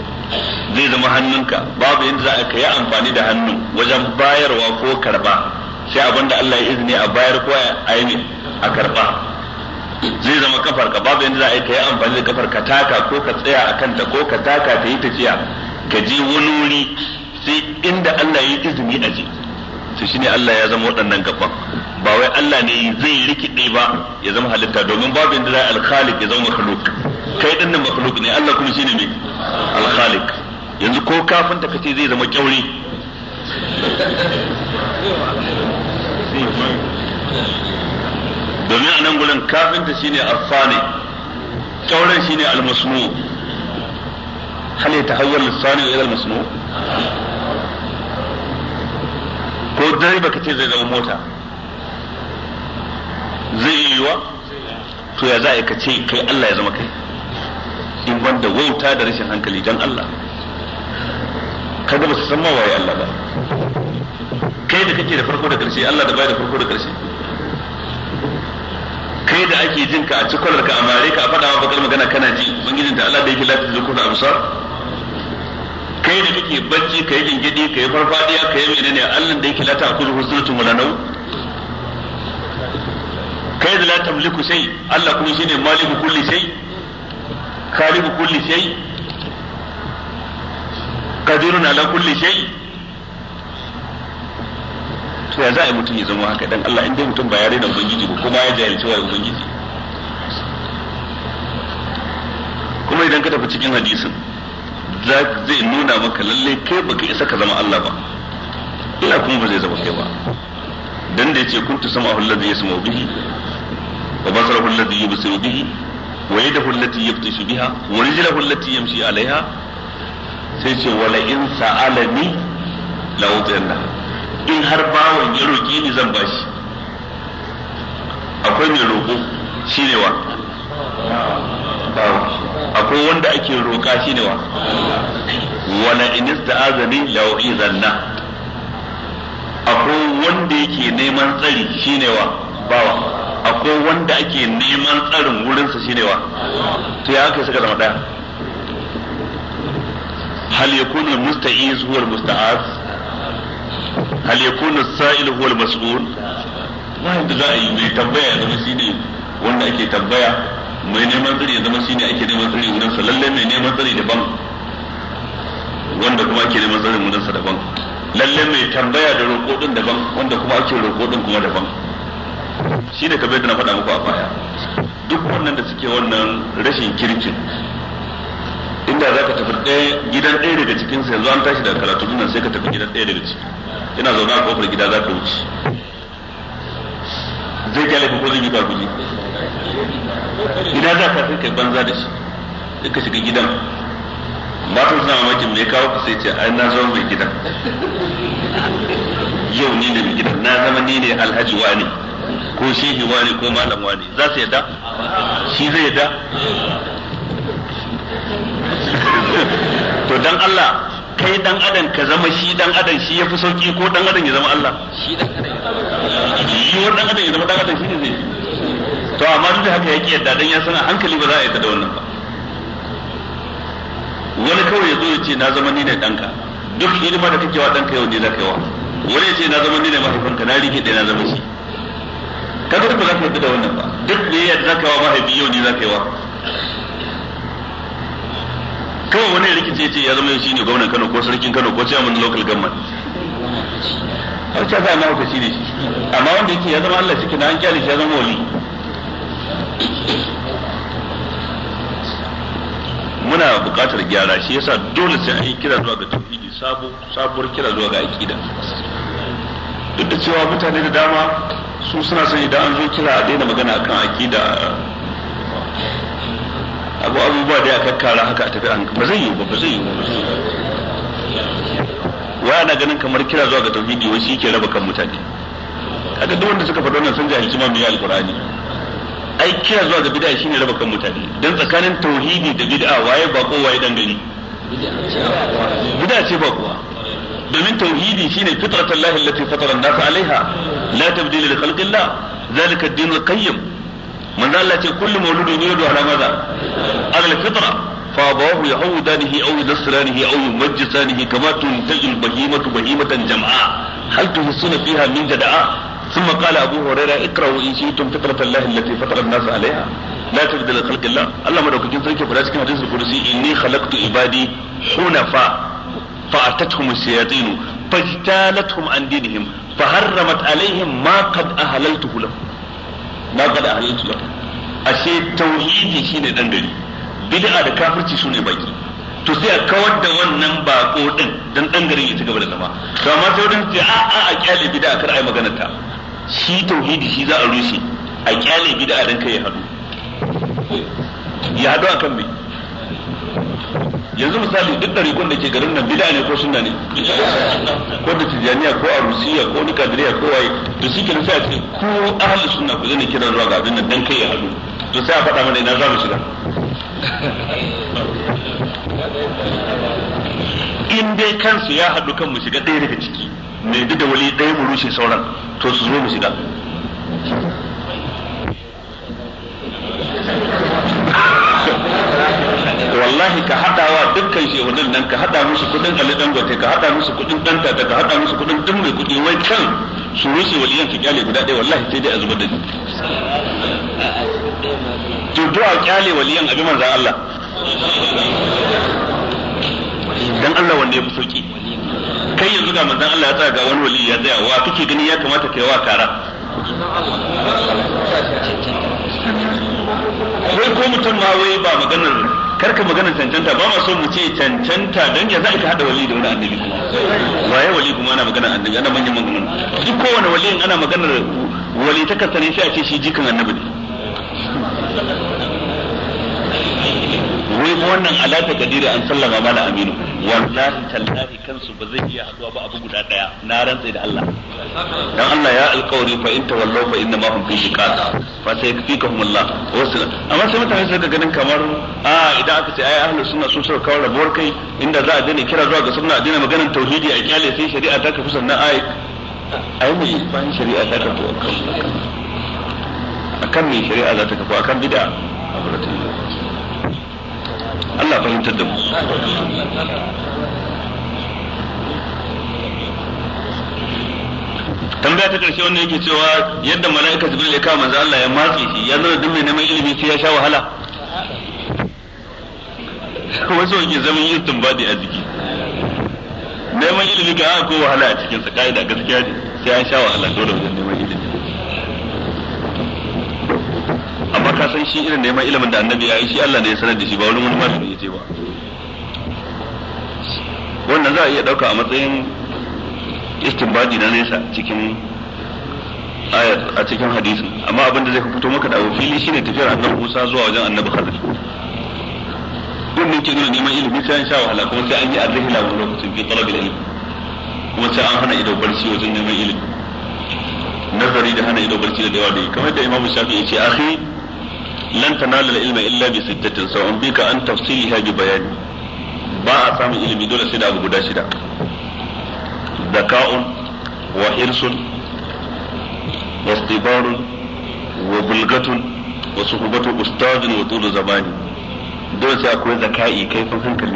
zai zama hannunka babu yadda za a ka yi amfani da hannu wajen bayarwa ko karba sai abin da Allah ya izini a bayar ko a yi a karba zai zama kafar ka babu yadda za a yi ka yi amfani da kafar ka taka ko ka tsaya a kanta ko ka taka ta yi tafiya ka ji wani wuri sai inda Allah ya izini a je to shine Allah ya zama waɗannan gaban ba wai Allah ne zai rikide ba ya zama halitta domin babu inda za al-khaliq ya zama makhluk kai din nan makhluk ne Allah kuma shine me al-khaliq yanzu ko kafin ka ce zai zama kyauri domin a nan gurin kafinta shine afani kyauren shine al-masnu hal ya tahayyar lissani ila al-masnu ko dare ka ce zai zama mota zai yi yiwa to ya za a ka ce kai Allah ya zama kai in banda wauta da rashin hankali dan Allah kaga ba su san mawaye Allah ba kai da kake da farko da karshe Allah da bai da farko da karshe kai da ake jin ka a cikin ka a mare ka a faɗa wa bakar magana kana ji ubangijin da Allah da yake lafiya zukur da amsar kai da kake bacci kai gingidi kai farfadiya kai menene Allah da yake lata ta kullu husnatun wala nau kai da la tamliku sai Allah kuma shine maliku kulli sai khaliku kulli sai qadirun ala kulli sai to ya za a yi mutum ya zama haka dan Allah inda mutum ba ya rena ubangiji ba kuma ya jahilci wa ubangiji kuma idan ka tafi cikin hadisin zai nuna maka lalle kai baka isa ka zama Allah ba ina kuma ba zai zama kai ba dan da yace kuntu sama allazi yasma'u bihi wa basara allazi yubsiru bihi wa yadahu allati yaftishu biha wa rijluhu allati yamshi alaiha sai ce wala in sa'alani la utiyanna in har bawon ya roki ni zan bashi akwai mai roko shine wa bawa akwai wanda ake roƙa ne wa wala in ista'azani la u'izanna akwai wanda yake neman tsari ne wa bawa akwai wanda ake neman tsarin wurinsa ne wa to ya aka suka zama ɗaya. hal yakunu musta'iz huwa musta'az hal yakunu sa'il huwa al-mas'ul wanda za a yi mai tambaya ya zama shine wanda ake tambaya mai neman tsari ya zama shine ake neman tsari wurin sa lalle mai neman tsari daban wanda kuma ake neman tsari wurin sa daban lalle mai tambaya da roƙo din daban wanda kuma ake roƙo din kuma daban shine kabe da na faɗa muku a baya duk wannan da suke wannan rashin kirkin inda za ka tafi ɗaya gidan ɗaya daga cikinsa yanzu an tashi daga karatu nan sai ka tafi gidan ɗaya daga ciki ina zaune a kofar gida za ka wuce zai kyale ko zai miƙa guji ina za ka kai banza da shi ka shiga gidan matan suna mamakin me kawo ka sai ce ai na zama mai gidan yau ni ne mai gidan na zama ni ne alhaji wani ko shehi wani ko malam wani za su yadda shi zai yadda to dan Allah kai dan adam ka zama shi dan adam shi yafi sauki ko dan adam ya zama Allah shi dan adam yiwuwar dan adam ya zama dan adam shi ne zai to amma duk haka yake yadda dan ya san hankali ba za a yi ta da wannan ba wani kawai ya zo ya ce na zama ni ne danka duk hidima da kake wa danka yau ne za ka yi wa wani ya ce na zama ni ne mahaifinka na rike da na zama shi kaga duk ba za ka yi da wannan ba duk ne yadda za ka yi wa mahaifi yau ne za ka yi wa kawai wani rikici ce ya zama shi ne gwamnan Kano ko sarkin Kano ko chairman local government har ta zama wata shi ne amma wanda yake ya zama Allah cikin an kyale shi ya zama wali muna buƙatar gyara shi yasa dole sai an yi kira zuwa ga tauhidi sabo sabuwar kira zuwa ga aqida duk da cewa mutane da dama su suna son idan an zo kira a daina magana akan aqida abu abubuwa da ya kakkara haka a tafi an ba zai yi ba ba zai yi ba wa ana ganin kamar kira zuwa ga tauhidi wai shi ke raba kan mutane kaga duk wanda suka faɗa wannan sun jahilci ma mai alqur'ani ai kira zuwa ga bid'a shine raba kan mutane dan tsakanin tauhidi da bid'a waye ba ko waye dangane bid'a ce ba kuwa domin tauhidi shine fitratullahi allati fatara an-nas alaiha la tabdila li khalqillah zalika ad-din al-qayyim من ذا التي كل مولود يولد على ماذا؟ على الفطرة فأبواه يعودانه أو يدسرانه أو يمجسانه كما تنتج البهيمة بهيمة جمعاء هل تحسون فيها من جدعاء؟ ثم قال أبو هريرة اكرهوا إن شئتم فطرة الله التي فطر الناس عليها لا تبدل خلق الله الله ما كنت تنسى كيف رأسك حديث الكرسي إني خلقت عبادي حنفاء فأتتهم الشياطين فاجتالتهم عن دينهم فهرمت عليهم ما قد أهللته لهم ma kada halaltu A ashe tauhidi shine dan gari bid'a da kafirci sune baki to sai a kawar da wannan bako din dan dan garin ya ci gaba da zama to amma sai wadin ce a a a kyale bid'a kar ai magana ta shi tauhidi shi za a rushe a kyale bid'a dan kai ya hadu ya hadu akan me yanzu misali duk kun da ke garin nan bid'a ne ko sunna ne ko da tijaniya ko arusiya ko ni kadiriya ko waye da suke da sa a ce ko ahli sunna ku zai kira zuwa ga abin dan kai ya hadu to sai a faɗa mana ina za mu shiga in dai kansu ya haɗu kan mu shiga ɗaya daga ciki mai duk da wali ɗaya mu rushe sauran to su zo mu shiga wallahi ka hadawa dukkan shehunan nan ka hada musu kudin Ali Dangote ka hada musu kudin danta ka hada musu kudin duk mai kudi wai can su rushe waliyan su kyale guda ɗaya wallahi sai dai a zubar da ni to du'a kyale waliyan abin manzan Allah dan Allah wanda ya fi sauki kai yanzu ga manzan Allah ya tsaya ga wani wali ya tsaya wa kake gani ya kamata kai wa kara wai ko mutum ma wai ba maganar karka magana cancanta ba ma so mu ce cancanta dan ya za ka hada wali da wani annabi kuma waye wali kuma ana magana annabi ana manyan manyan duk kowane wali ana maganar wali ta kasance sai a ce shi jikan annabi ne wai fa wannan alata kadiri an sallama mala aminu wallahi tallahi kansu ba zai iya haduwa ba abu guda daya na rantsa da Allah dan Allah ya alƙawari fa in tawallaw fa inna ma hum fi shiqaq fa sayakfikahum Allah wasu amma sai mutane ga ganin kamar a idan aka ce ai ahli sunna sun suka kawar rabuwar kai inda za a dane kira zuwa ga sunna a dina maganar tauhidi a kyale sai shari'a ta kafi sannan ai ai mu bayan shari'a ta kafi akan me shari'a za ta kafi akan bid'a abu da Allah fahimtar da mu tambaya ta karshe wanda yake cewa yadda mala'ika jibril ya kama manzo Allah ya matse shi ya nuna duk mai neman ilimi sai ya sha wahala wasu yake zama yin tumbadi a jiki neman ilimi ka ko wahala a cikin sa da gaskiya ne sai an sha wahala dole wajen neman ilimi ka san shi irin neman ilimin da annabi ya yi shi Allah ne ya sanar da shi ba wani wani malami ya ce ba wannan za a iya dauka a matsayin istinbadi na nesa cikin ayat a cikin hadisi amma abin da zai ka fito maka da abu fili shine tafiyar annabi Musa zuwa wajen annabi Khidir duk mun ke nuna neman ilimi sai an sha wahala kuma sai an yi arzihila wani lokacin fi da ilmi kuma sai an hana ido barci wajen neman ilimi nazari da hana ido barci da yawa da kamar da imamu shafi ya ce akhi lan tanalu al-ilma illa bi sittatin an bika an tafsiri bi bayani ba a samun ilimi dole sai da abu guda shida zaka'un wa hirsun wa istibarun wa bulgatun wa suhbatu ustadin wa tulu zamani dole sai akwai zaka'i kaifin hankali